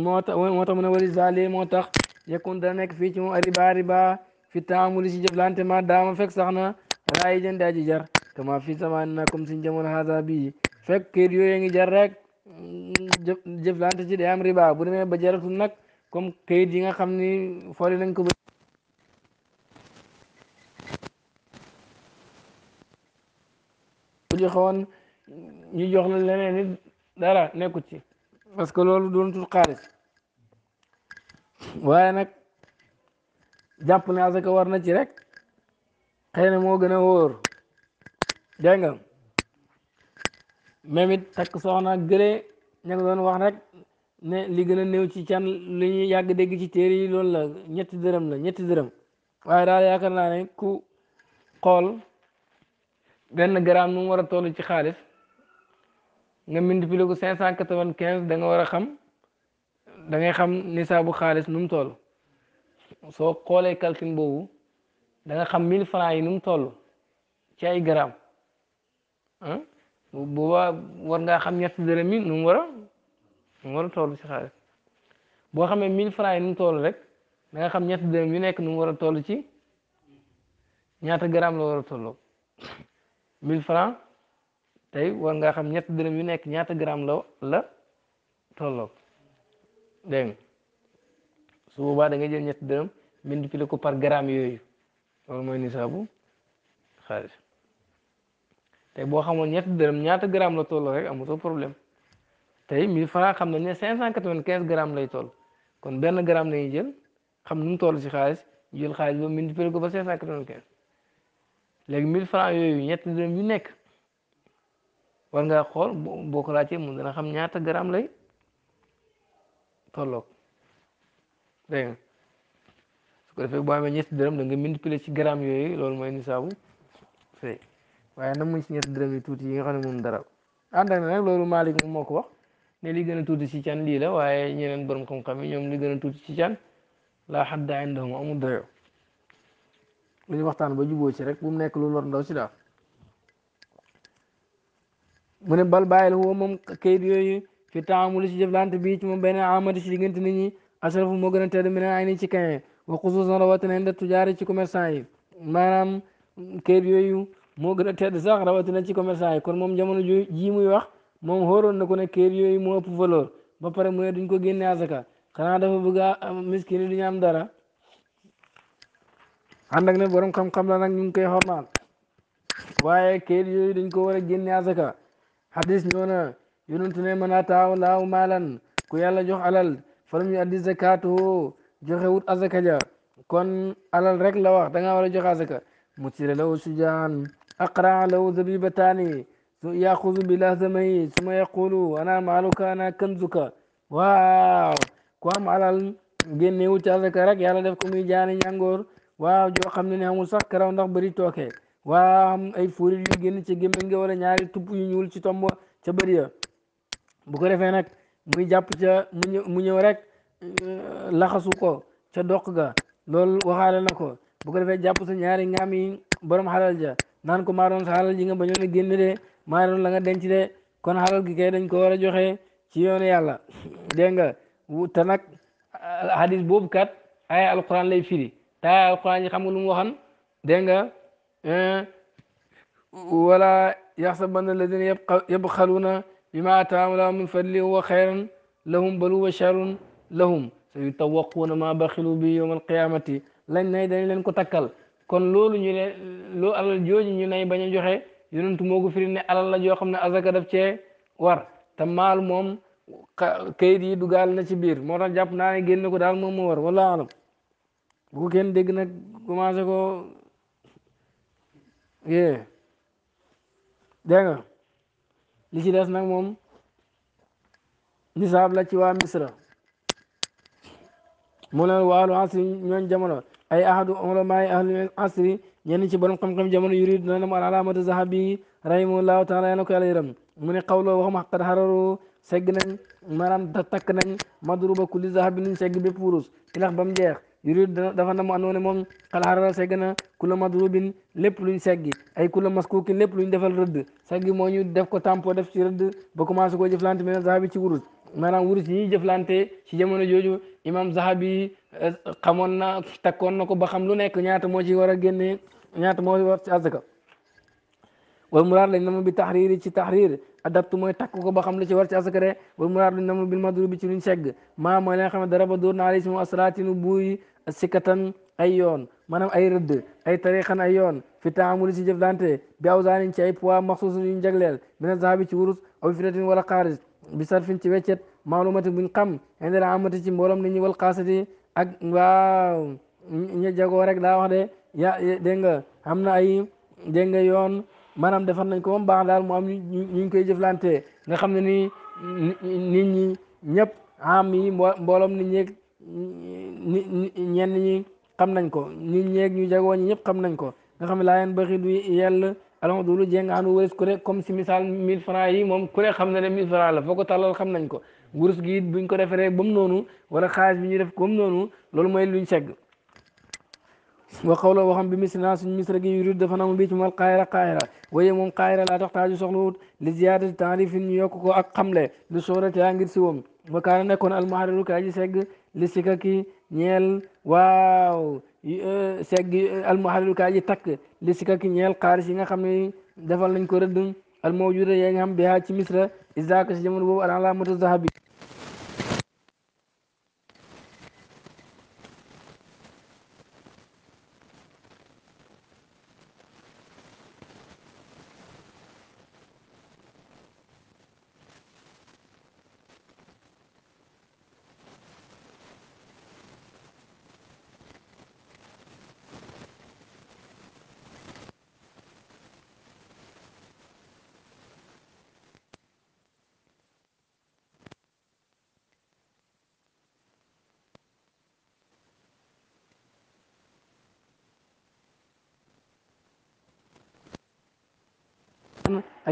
moo tax moo tax mu ne wali zaali moo tax yakun dana nekk fii ci moom riba riba fi taamuli ci jëflante ma daama fek sax na alaa yi jënd aji jar kama fi samaan na comme suñ jamono haasa bi fek kër yooyu ngi jar rek jëflante ci day am riba bu demee ba jaratul nag comme kayit yi nga xam ni foole nañ ko ba joxoon ñu jox la leneen nit dara nekkut ci parce que loolu doon tut xaalis waaye nag jàpp ne asaka war na ci rek xëy na moo gën a woor dégg nga même it takk soxna gële ña ngi doon wax rek ne li gën a néew ci can li ñuy yàgg dégg ci téere yi loolu la ñetti dërëm la ñetti dërëm waaye daal yaakaar naa ne ku xool benn garaam nu mu war a toll ci xaalis nga multiplier ko cinq cent quatre-vingt-quinze da nga war a xam da xam nisaabu xaalis nu mu toll soo xoolee calcul boobu da xam mille francs yi nu mu toll ci ay gram booba war ngaa xam ñetti dërëm mi nu mu war a nu mu war a toll ci xaalis boo xamee mille francs yi nu mu toll rek da nga xam ñetti dërëm yu nekk nu mu war a toll ci ñaata gram la war a tolloo mille francs tey war nga xam ñett dërëm yi nekk ñaata gram la la tolloo su boobaa da nga jël ñetti dërëm multiplier ko par gramme yooyu loolu mooy nisaabu xaalis te boo xamoon ñett dërëm ñaata gramme la toll rek amatoo problème tey 1000 francs xam nañ ne 595 grammes lay toll kon benn gramme la ñuy jël xam nu mu toll si xaalis jël xaalis ba multiplier ko ba 595 léegi mil francs yooyu ñett dërëm yu nekk war ngaa xool boo ko laajtee mu dana xam ñaata gramme lay tolloog. dégg nga su ko defee boo amee ñetti dërëm da nga multiplier ci gram yooyu loolu mooy nisaabu fay waaye nag muy si ñetti dërëm yi tuuti yi nga xam ne moom dara ànd ak nag loolu Malick moom moo ko wax ne li gën a ci can lii la waaye ñeneen borom xam-xam yi li gën a ci can laa xadda indahum amul doyoo lu waxtaan ba juboo ci rek bu mu nekk lu lor ndaw si bal bàyyil huwa moom kayit yooyu fi taamul si jëflante bii ci nit ñi asraf moo gën a tedd mi ne ay ni ci kaye wa xusuusan rawatina inda tujaari ci commerçant yi maanaam kayit yooyu moo gën a tedd sax rawatina ci commerçant yi kon moom jamono ji muy wax moom xooroon na ko ne kayit yooyu moo ëpp valeur ba pare mu ne duñ ko génne asaka xanaa dafa bëgg a miskin yi duñu am dara ànd ak ne borom xam-xam la nag ñu ngi koy xormaal waaye kayit yooyu dañ ko war a génne asaka hadis ñoo na yonentu ne mën a taaw laaw maalan ku yàlla jox alal falam yu addi zakaatu joxe wut azaka ja kon alal rek la wax da ngaa war a joxe azaka mutira law sujaan aqra law zabibataani su yaxuzu bi lahzamayi suma yaqulu ana maaluka ana kanzuka waaw ku am alal génne wut ci azaka rek yàlla def ko muy jaani ñàngoor waaw joo xam ne ne amul sax karaw ndax bëri tooke waaw am ay fuurit yu génn ci gémmiñ nga wala ñaari tupp yu ñuul ci tomb ca bëri ya bu ko defee nag muy jàpp ca mu ñëw rek euh, laxasu ko ca doq ga loolu waxaale na ko bu ko defee jàpp sa ñaari nga yi borom xalal ja naan ko maa sa xalal ji nga ba a génn de maa la nga denc de kon xalal gi kay dañ ko war a joxe ci yoonu yàlla dégg nga te nag hadis boobu kat ay alquran lay firi te ay alquran yi xam nga lu mu waxan dégg nga euh, wala yaxsabanna alladina yabxaluuna بما آتاهم الله من فضله هو خيرا لهم بل هو شر لهم سيطوقون ما بخلوا به يوم القيامة lañ nay dañ leen ko takkal kon loolu ñu ne loo alal jooju ñu nay bañ a joxe yonent moo ko firi ne alal la joo xam ne azaka daf cee war te maal moom kayit yi dugal na ci biir moo tax jàpp naa ne génne ko daal moom moo war wala alam bu ko kenn dégg nag commencé ko yee li ci des nag moom nisaab la ci waa misra mu leen waalu asri ñooñ jamono ay ahadu ulamaay ahlu asri ñenn ci borom xam-xam jamono yurid na nam al alaamatu zahabi rahimahullahu taala yàlla ko yàlla yërëm mu ne xawloo waxum xaqat xararu segg nañ maanaam takk nañ madruba kulli zahabi nuñ segg bépp wurus ilax ba mu jeex yurid dafa na mu andoone moom xalxarara segg na kula madrubin lépp luñ seggi ay kula maskukin lépp luñ defal rëdd seggi moo ñu def ko tampo def ci rëdd ba commencé koo jëflante mene zahabi ci wurus maanaam wurus yi ñuy jëflante ci jamono jooju imam zahabi eh, xamoon na takkoon na ko ba xam lu nekk ñaata moo ci war a génne ñaata moo war ci azaka wal muraad lañ nama bi taxriir ci taxriir adapte mooy takk ko ba xam lu ci war ci asaka de wal muraad ci luñ segg maa mooy la nga xam ne ba dóor naa li si asraatinu buuy sikkatan ay yoon maanaam ay rëdd ay tariqan ay yoon fi taamuli ci jëflante bi awsaanin ci ay poids maxsuus yu ñu jagleel mina zahabi ci wurus aw firatin wala xaalis bi sarfin ci weccet maalumati buñ xam indil amati ci mbooloom nit ñi wal xaasati ak waaw ña rek daa wax de ya dégg nga am na ay dégg nga yoon maanaam defar nañ ko moom baax daal mu am ñu ñu koy jëflante nga xam ne ni nit ñi ñëpp am yi mbooloom ni ñeeg ñenn ñi xam nañ ko nit ñeeg ñu jagoo ñi ñëpp xam nañ ko nga xam ne laa yeen baxi du yell alhamdu lu jéng anu wërës ku rek comme si misaal mille francs yi moom ku xam na ne la foo ko tàllal xam nañ ko wurus gi it buñ ko defaree ba mu noonu wala xaalis bi ñu def ko ba mu noonu loolu mooy luñ segg wa xawla waxam bi misri naa suñ misra gi yurid dafa namu bi ci mal xaayira xaayira waaye moom xaayira laa tax taaju soxlawut li ziyaadati taarifin ñu yokk ko ak xamle lu soxla yaa ngir si woom wa kaana nekkoon almuhariru li sika ki ñeel waaw euh, segg euh, almuhallil kaa ji takk li sika ki ñeel xaalis yi nga xam ne defal nañ ko rëdd almawjuda yaa nga xam bihaa ci misra isdaaka si jamono boobu alan la mota zahabi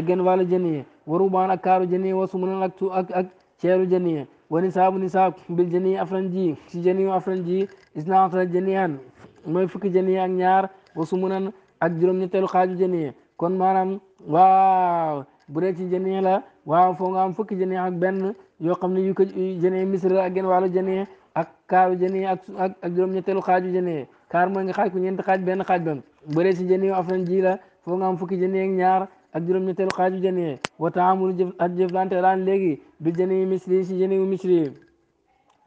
ak genn wàllu jëniye wa rubaan ak kaaru jëniye wa sumunan ak ak ak ceeru jëniye wa nisaabu nisaab bil jëniye afran ji si jëniyu afran ji isna mooy fukki jëniye ak ñaar wa sumunan ak juróom-ñetteelu xaaju jëniye kon maanaam waaw bu dee ci jëniye la waaw foo nga am fukki jëniye ak benn yoo xam ne yu ko jëniye misra la ak genn wàllu jëniye ak kaaru jëniye ak ak juróom-ñetteelu xaaju jëniye kaar mooy nga xaaj ko ñeenti xaaj benn xaaj ba bu dee ci jëniyu la foo nga am fukki jëniye ak ñaar ak juróom-ñetteelu xaaju jënee wa taamul jëf ak jëflante raan léegi bi jëni misri si jëni misri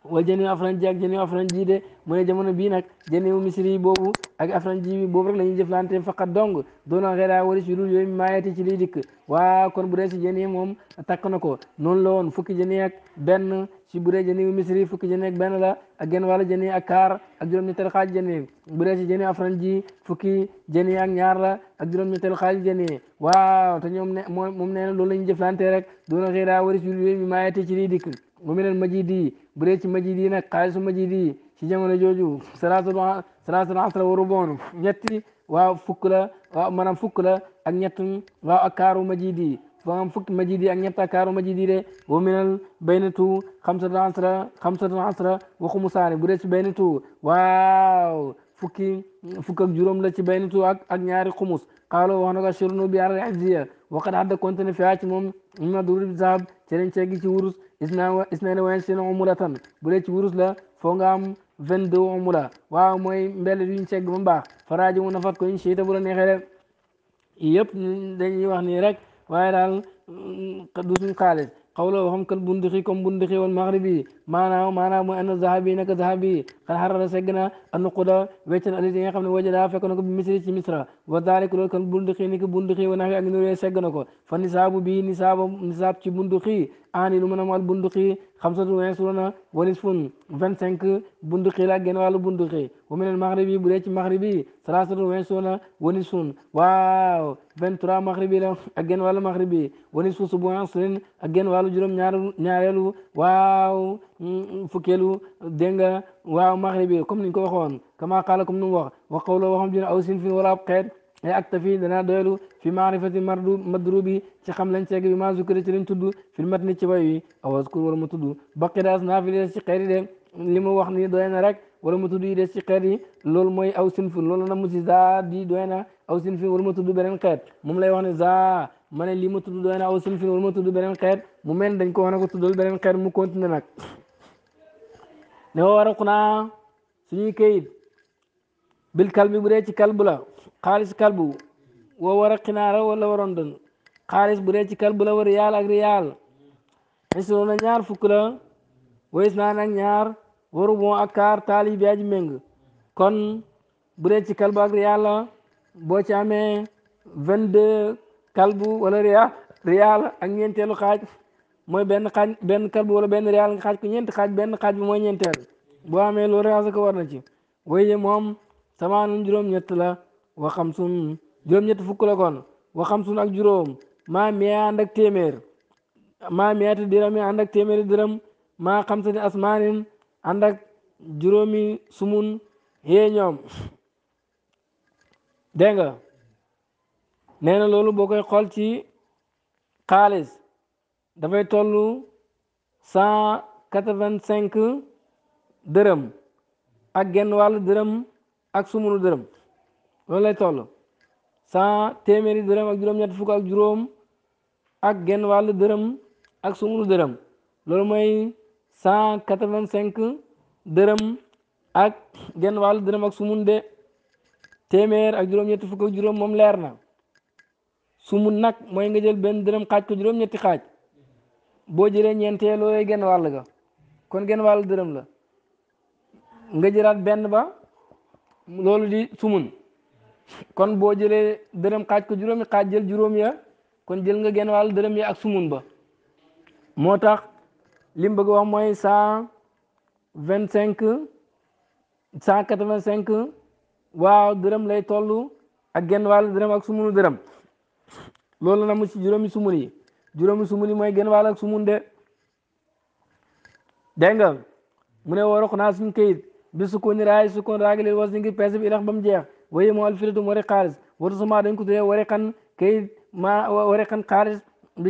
wal jëni afranji ak jëni afranji de mu ne jamono bii nag jëni misri boobu ak afranji bi boobu rek la ñuy jëflante faqat dong doona xeera wari si dul yooyu maayati ci liy dikk waa kon bu dee si jëni moom takk na ko noonu la fukki jëni ak benn si bu dee jëni misri fukki jëni ak la ak genn wàll jën yi ak kaar ak juróom-ñetteelu xaaj jën yi bu dee ci jën yi ak ñaar la ak juróom-ñetteelu xaaj jën yi waaw te ñoom ne moom nee na loolu la ñu jëflante rek doona xëy daa wari ci yooyu bi maa yete ci lii dikk mu mel ne majid yi bu dee ci majid yi nag xaalisu majid yi ci jamono jooju salaatul salaatul asra waru boonu ñetti waaw fukk la waaw fukk la ak ñett waaw ak kaaru majid yi dafa am fukki majidi ak ñett ak kaaru majidi de wa minal baynatu xamsatu asra xamsatu asra wa xumusaani bu dee ci baynatu waaw fukki fukk ak juróom la ci baynatu ak ak ñaari xumus xaalo wax na ko shirnu bi aral izziya waqad hadda kontene fiyaa ci moom um na durib zahab ci lañ ceegi ci wurus isna isna wayen sina umulatan bu dee ci wurus la foo nga am vingt deux umula waaw mooy mbel yuñ ceeg ba mbaax faraaji mu nafat ko ñu siita bu la neexee yëpp dañuy wax nii rek waaye daal duusuñ xaalis qawlo xam kan bundixi comme bundixi wal maghribi maanaam maanaam mooy anna zahabi naka zahabi xan xarara segg na annuquda weccan alis yi nga xam ne wajada fekk na ko bi misri ci misra wa dalik loolu kan bundixi ni ki bundixi wa naxi ak nuree segg na ko fa nisaabu bi nisaab nisaab ci bundixi aani lu mu ne maal bunduqi xamsatu weesuuna wa nisfun vingt cinq bunduqi la genn wàllu bunduqi wa min al maghribi bu dee ci maghribi salaasatu weesuuna wa nisfun waaw vingt trois maghribi la ak genn wàllu maghribi wa nisfu subu asrin ak genn wàllu juróom ñaar ñaareelu waaw mm, fukkeelu dégg nga waaw maghribi comme niñ ko waxoon kama qaala comme nu mu wax wa qawla waxam jina aw sin fin wala ab xeet ay aktafi danaa doylu fi maarifati madrubi ci xam lañ ma zukira ci liñ tudd fil matni ci way wi aw azkur wala mu tudd baqidaas naa fi des ci xeer de li mu wax ni doy na rek wala mu tudd yi des ci xeet yi loolu mooy aw sinfin loolu na mu si di doy na aw sinfin wala mu tudd beneen xeet moom lay wax ne zaa ma ne lii mu tudd doy na aw sinfin wala mu tudd mu mel dañ ko wax ne ko tuddal beneen xeet mu continué nag ne wa waraqnaa suñuy kayit bil kalbi bu dee ci kalbu xaalis kalbu woo war a xinaara wala waroon dën xaalis bu dee ci kalbu la war yaal ak riyaal xisnoona ñaar fukk la ways naan ak ñaar waru bon ak kaar taali bi aji méng kon bu ci kalbu ak riyaal boo ci amee vingt deux kalbu wala ak ñeenteelu xaaj mooy benn xaaj benn kalbu wala benn riyaal nga xaaj ko ñeenti xaaj benn xaaj bi mooy ñeenteel boo amee loolu raxas ko war na ci moom samaanum juróom ñett la wa xamsun juróom-ñett fukk la kon wa xamsun ak juróom maa miyaa ànd ak téeméer maa miyaati dirami ànd ak téeméeri diram maa xamsati asmaanin ànd ak juróomi sumun yee ñoom dégg nga nee na loolu boo koy xool ci xaalis dafay toll cent quatre-vingt-cinq dërëm ak genn wàllu dërëm ak sumunu dërëm loolu lay toll cent téeméeri dërëm ak juróom-ñett fukk ak juróom ak genn wàll dërëm ak sumunu dërëm loolu mooy cent quatre vingt dërëm ak genn wàll dërëm ak sumun de téeméer ak juróom-ñetti fukk ak juróom moom leer na sumun nag mooy nga jël benn dërëm xaaj ko juróom-ñetti xaaj boo jëlee ñeentee loolay genn wàll ga kon genn wàll dërëm la nga jëlaat benn ba loolu di sumun kon boo jëlee dërëm xaaj ko juróomi xaaj jël juróom ya kon jël nga genn wàll dërëm ya ak sumun ba moo tax lim mu bëgg wax mooy cent vingt cinq cent quatre vingt waaw dërëm lay toll ak genn wàll dërëm ak sumunu dërëm loolu na mu ci juróomi sumun yi juróomi sumun yi mooy genn wàll ak sumun de dégg nga mu ne waroon naa suñu kayit bi su ko ni raay su ko raagalee was ni ngi bi irax ba mu jeex waye mu alfilatun wari xaalis warusuma dañ ko tuddee wari xan kay ma wari xan xaalis bi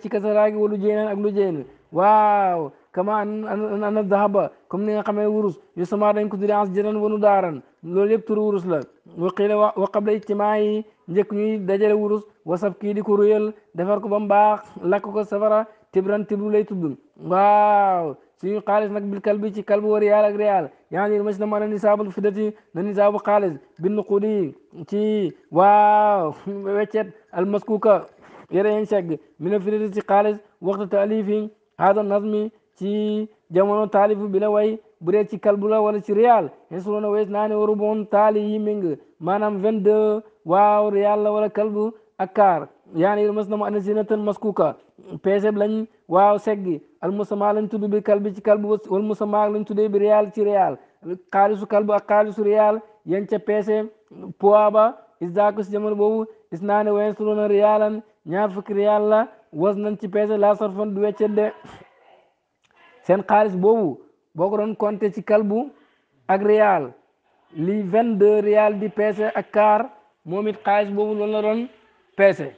ci kasir raay gi walu jéenaan ak lu jéen waaw kama ana dahaba comme ni nga xamee wurus yusuma dañ ko tuddee ans jëran wanu daaran loolu yëpp turu wurus la waqila wa qabla ijtimaa yi ñu ñuy dajale wurus wasab kii di ko ruyal defar ko ba mu baax lakk ko safara tibran tibru lay tudd waaw سيو خالص نك بالكلب تي كلب وريال ريال يعني مش لما راني صاب الفدتي راني صاب خالص بالنقودي تي واو ويتشر المسكوكه يرين شق من الفدتي خالص وقت تاليفي هذا النظمي تي جمانو تاليف بلا واي بري تي كلب لا ولا تي ريال هسلونا ويس ناني وربون تالي يمينغ مانام 22 واو ريال ولا كلب اكار yaani irmas na mu ana zinatan maskuka peeseb lañ waaw seggi al musamma lañ tudd bi kalbi ci kalbu wal musamma lañ tuddee bi réal ci réal xaalisu kalbu ak xaalisu réal yan ca peese poids ba isdaaku si jamono boobu is naa ne weesu na réalan ñaar fukki réal la was nañ ci peese laa sarfan du weccet seen xaalis boobu boo ko doon compter ci kalbu ak réal li vingt deux réal di peese ak kaar moomit it boobu loolu la doon peese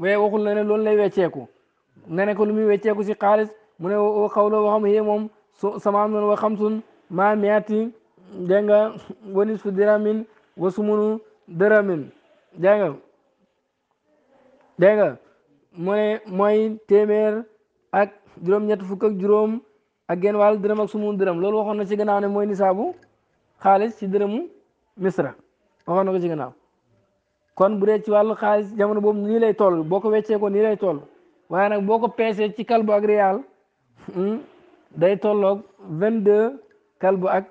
waaye waxul na ne loolu lay wecceeku nga ne ko lu muy wecceeku si xaalis mu ne wa xawloo waxam yee moom sama am noonu wa xamsun maa miati dégg nga wa nisfu diramin wa sumunu diramin dégg nga dégg nga mu ne mooy téeméer ak juróom-ñett fukk ak juróom ak genn wàll dërëm ak sumunu dërëm loolu waxoon na ci gannaaw ne mooy nisaabu xaalis ci dërëmu misra waxoon na ko ci kon bu dee ci wàllu xaalis jamono boobu nii lay toll boo ko weccee ko lay toll waaye nag boo ko peesee ci kalbu ak riyaal hmm, day tolloog vingt deux kalbu ak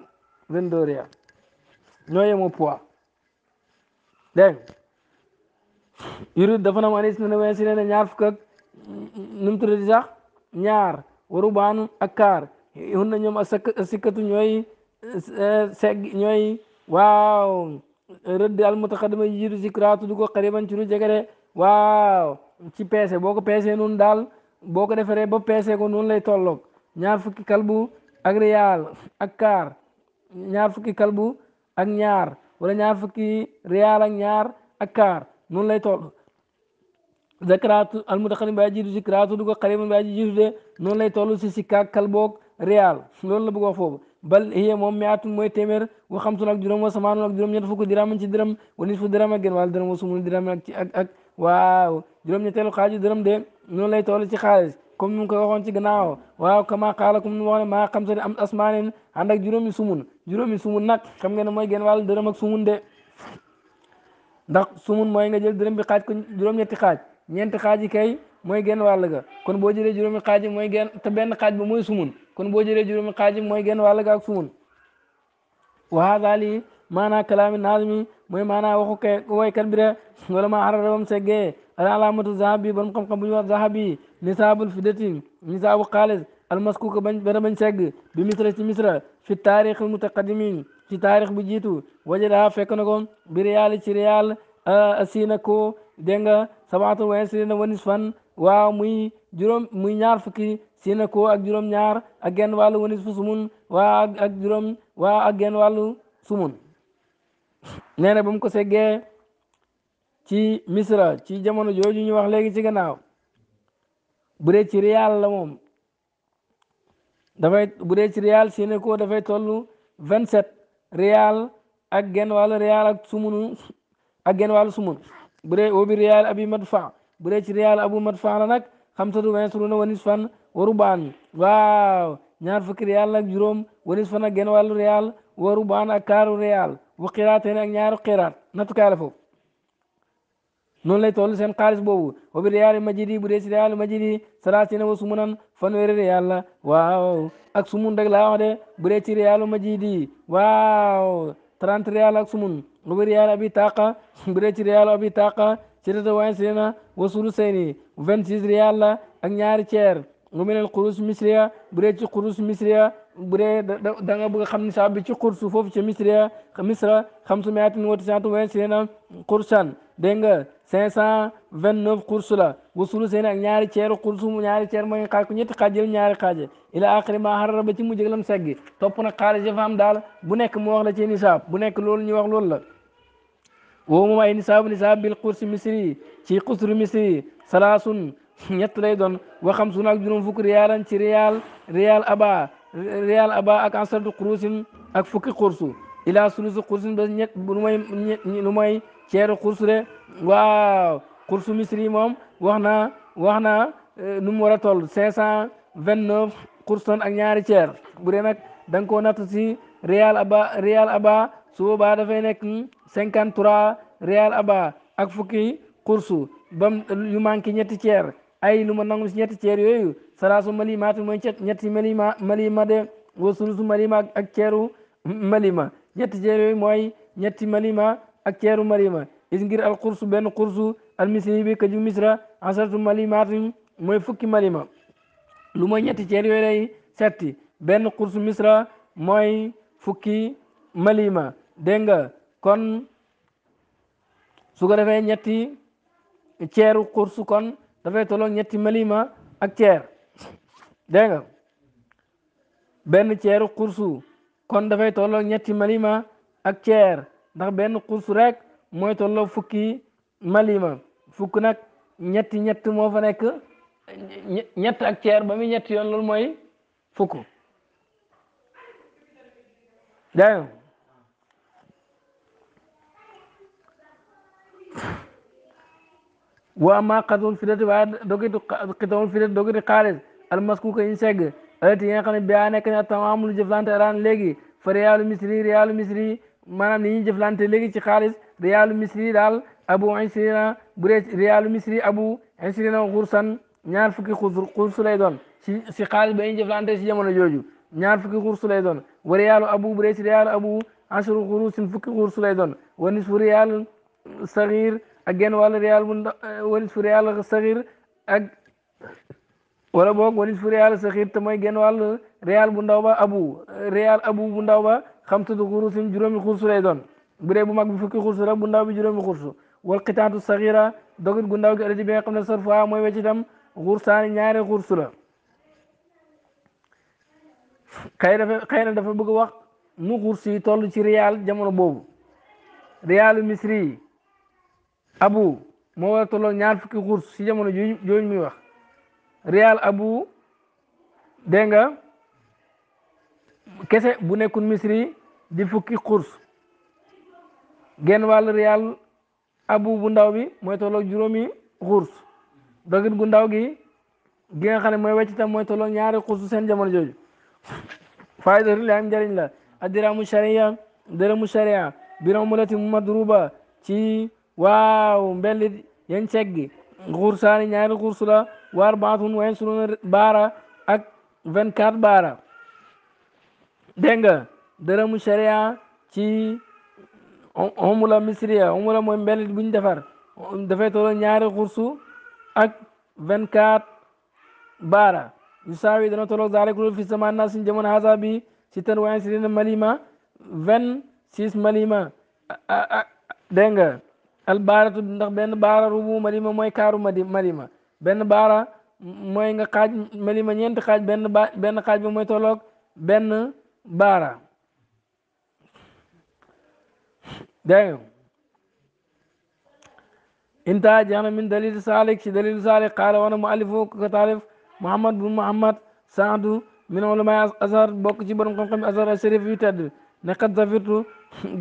vingt deux riyaal ñoo yemoo poids dégg yurut dafa na anis ne si ne ñaar fukk ak nu mu tuddati sax ñaar waru baan ak kaar hun na ñoom a sikkatu ñooy eh, segg ñooy waaw rëdd al mutaqaddima jiitu zikra tudd ko xariban ci lu jege de waaw ci peese boo ko peesee noonu daal boo ko defaree ba peesee ko noonu lay tolloog ñaar fukki kalbu ak riyaal ak kaar ñaar fukki kalbu ak ñaar wala ñaar fukki riyaal ak ñaar ak kaar noonu lay toll zakraatu almutaqaddima baa jiitu zikraatu du ko xariban baa jiitu lay toll si sikkaak kalboog riyaal lool la bëgg wax foofu bal hiya moom miatun mooy téeméer wa xamsun ak juróom wa samaanun ak juróom ñett fukk diraaman ci dërëm wa nisfu dërëm ak genn wàll dërëm wa sumunu dërëm ak ci ak ak waaw juróom-ñetteelu xaaju dërëm de noonu lay toll ci xaalis comme nu mu ko waxoon ci gannaaw waaw kama xaala comme nu mu wax ne maa xam sa am asmaanin ànd ak juróomi sumun juróomi sumun nag xam nga ne mooy genn wàll dërëm ak sumun de ndax sumun mooy nga jël dërëm bi xaaj ko juróom-ñetti xaaj ñeenti xaaj yi kay mooy genn wàll ga kon boo jëlee juróomi xaaj yi mooy genn te benn xaaj ba mooy sumun kon boo jëlee juróomi xaaj mooy genn wàll gaag wa hada lii maanaa kalaami naazimi mooy maanaa waxu kay waykat bi de wala maa xarara bam seggee ala alamatu zahabi borom xam-xam bu ñu wax zahabi nisaabul fidati nisaabu xaalis almaskuuk bañ bana bañ segg bi misra ci misra fi taarix mutaqaddimin ci taarix bu jiitu wajada fekk na ko bi riyaal ci riyaal siina ko dégg nga sabaatu wa isriina wa nisfan waa muy juróom muy ñaar fukki si ko ak juróom ñaar ak genn wàllu wanis fu sumun waa ak juróom waa ak genn wàllu sumun nee na ba mu ko seggee ci misra ci jamono jooju ñu wax léegi ci gannaaw bu ci riyaal la moom dafay bu dee ci riyaal si ko dafay toll vingt sept riyaal ak genn wàllu riyaal ak sumunu ak genn wàllu sumun bu dee obi riyaal abi madfa bu dee ci riyaal abu madfa la nag xamsatu wa ishruna wa nisfan warubaan waaw ñaar fukki riyal ak juróom walis fan a genn wàllu riyal warubaan ak kaaru riyal wa qiraateen ak ñaaru qiraat nattukaay la foofu noonu lay toll seen xaalis boobu wa bi riyaali majidi bu dee si riyaali majidi salaasina wa sumunan fanweeri riyaal la waaw ak sumun rek laa wax de bu dee ci riyaalu majidi waaw trente riyaal ak sumun wa bi riyaali abi taaqa bu dee ci riyaalu abi taaqa sittata wa ishrina wa sulusayni vingt riyaal la ak ñaari ceer wa minal xurus misriya bu dee ci xurus misriya da nga bëgg a xam nisaab bi ci xursu foofu ci misriya misra xamsu miatin wa tisaatu wa isriina xursan dégg nga cinq cent vingt neuf xurs la wasulu seen ak ñaari ceeru xursu ñaari ceer mooy xaaj ko ñetti xaaj jël ñaari xaaje ila axiri ma xarara ba ci mu jëglam seggi topp na xaalis ya daal bu nekk mu wax la ci nisaab bu nekk loolu ñu wax loolu la woo moom ay nisaab nisaab bil xursi misri ci xusru misri salaasun ñett lay doon wa xam suuna ak juróom fukki riyaalan ci riyaal riyaal aba riyaal ak ansartu xurusin ak fukki xursu ilaa sulusu xursin ba ñett lu may lu may ceeru xursu de waaw xursu misri moom wax na wax na e, nu mu war a toll cinq cent vingt neuf xurson ak ñaari ceer bu dee nag da nga koo natt si riyaal aba riyaal su boobaa dafay nekk cinquante trois riyaal aba ak fukki xursu ba yu manqué ñetti ceer ay lu ma nangu si ñetti ceer yooyu salaasu malimaatu mooy ñetti malima malima de wa malima ak ceru malima ñetti ceer yooyu mooy ñetti malima ak ceeru malima is al kursu benn kursu al misri bi kaju misra asaratu malimaatu mooy fukki malima lu mooy ñetti ceer yooyu lay setti benn kursu misra mooy fukki malima dégg nga kon su ko defee ñetti ceeru kursu kon dafay tolloog ñetti malima ak ceer dégg nga benn ceeru xursu kon dafay tollook ñetti malima ak ceer ndax benn xursu rek mooy tolloo fukki malima fukk nag ñetti ñett moo fa nekk ñett ak ceer ba muy ñetti yoon loolu mooy fukk dégg nga وما قدون في ذات بعد دوجي قدون في ذات دوجي خارج المسكوك إنسج أتي يا خان بيانة كنا تمام الجفلان تران لقي فريال مصري ريال مصري ما نام نيجي جفلان تلقي تخارج ريال مصري دال أبو عنسرينا بريج ريال مصري أبو عنسرينا غرسان نعرف كي خزر خزر سليدون سي بين جفلان تسي جمعنا جوجو نعرف كي خزر سليدون وريال أبو بريج ريال أبو عشر غرسين فكي خزر سليدون ونصف ريال صغير ak genn wàll riyaal bu ndaw walis fu riyaal saxiir ak wala boog walis fu riyaal saxiir te mooy genn wàll riyaal bu ndaw ba abu riyaal abu bu ndaw ba xamsatu xurusin juróomi xursu lay doon bu dee bu mag bi fukki xursu la bu ndaw bi juróomi xursu wal qitaatu saxiira dogit gu ndaw gi alati bi nga xam ne sarfa mooy wecc tam xursaani ñaari xursu la xëy dafa xëy na dafa bëgg wax nu xursu yi toll ci riyaal jamono boobu riyaalu misri abu moo war a ñaar fukki xurs si jamono jooju muy wax rial abu dégg nga kese bu nekkul misri di fukki xurs genn wàll abu bu ndaw bi mooy tolloo juróomi xurs dogit gu ndaw gi gi nga xam ne mooy wecc tam mooy tolloo ñaari xursu seen jamono jooju fayda li am njëriñ la mu sharia dërëmu sharia bi ramulati madruba ci waaw mbellit yañ seggi xursaani ñaari xursu la wa arbaatun baara ak vingt quatre baara dégg nga dërëmu sharia ci omula misriya omula mooy mbellit bu ñu defar dafay tolo ñaari xursu ak vingt quatre baara yu saawi dana tolloog zaalik loolu fi sama naa suñ jamono hasa bi si tan wa ishrina malima vingt six malima dégg albaaratu ndax benn baara rubu malima mooy kaaru madi malima benn baara mooy nga xaaj malima ñeenti xaaj benn ba benn xaaj ba mooy tolloog benn baara dégg inta jeex na min dalil saalik si dalil saalik xaala wana mu alifu ka taalif muhammad bu muhammad saadu min ulama azhar bokk ci borom xam-xam azhar asharif yu tedd ne qad zafirtu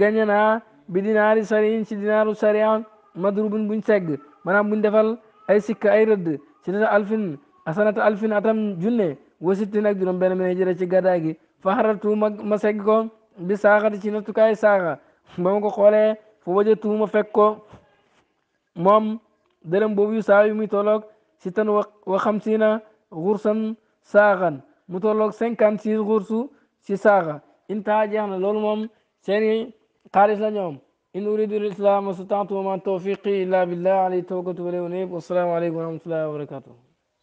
gañe naa bi dinaari sariin ci dinaaru sarian madrubun buñ segg maanaam buñ defal ay sikk ay rëdd si nata alfin asanata alfin atam junne wasittin ak juróom benn mene jëre ci gaddaay gi faxaratu ma ma segg ko bi saaxati ci nattukaay saaxa ba ma ko xoolee fa wajatu ma fekk ko moom dërëm boobu yu saa yu muy tolloog si tan wa xamsiina xursan saaxan mu tolloog cinquante six xursu si saaxa intaha jeex na loolu moom seeni قال اليوم إن أريد الإسلام واستطعت وما توفيقي إلا بالله عليه توكلت وليه أنيب والسلام عليكم ورحمة الله وبركاته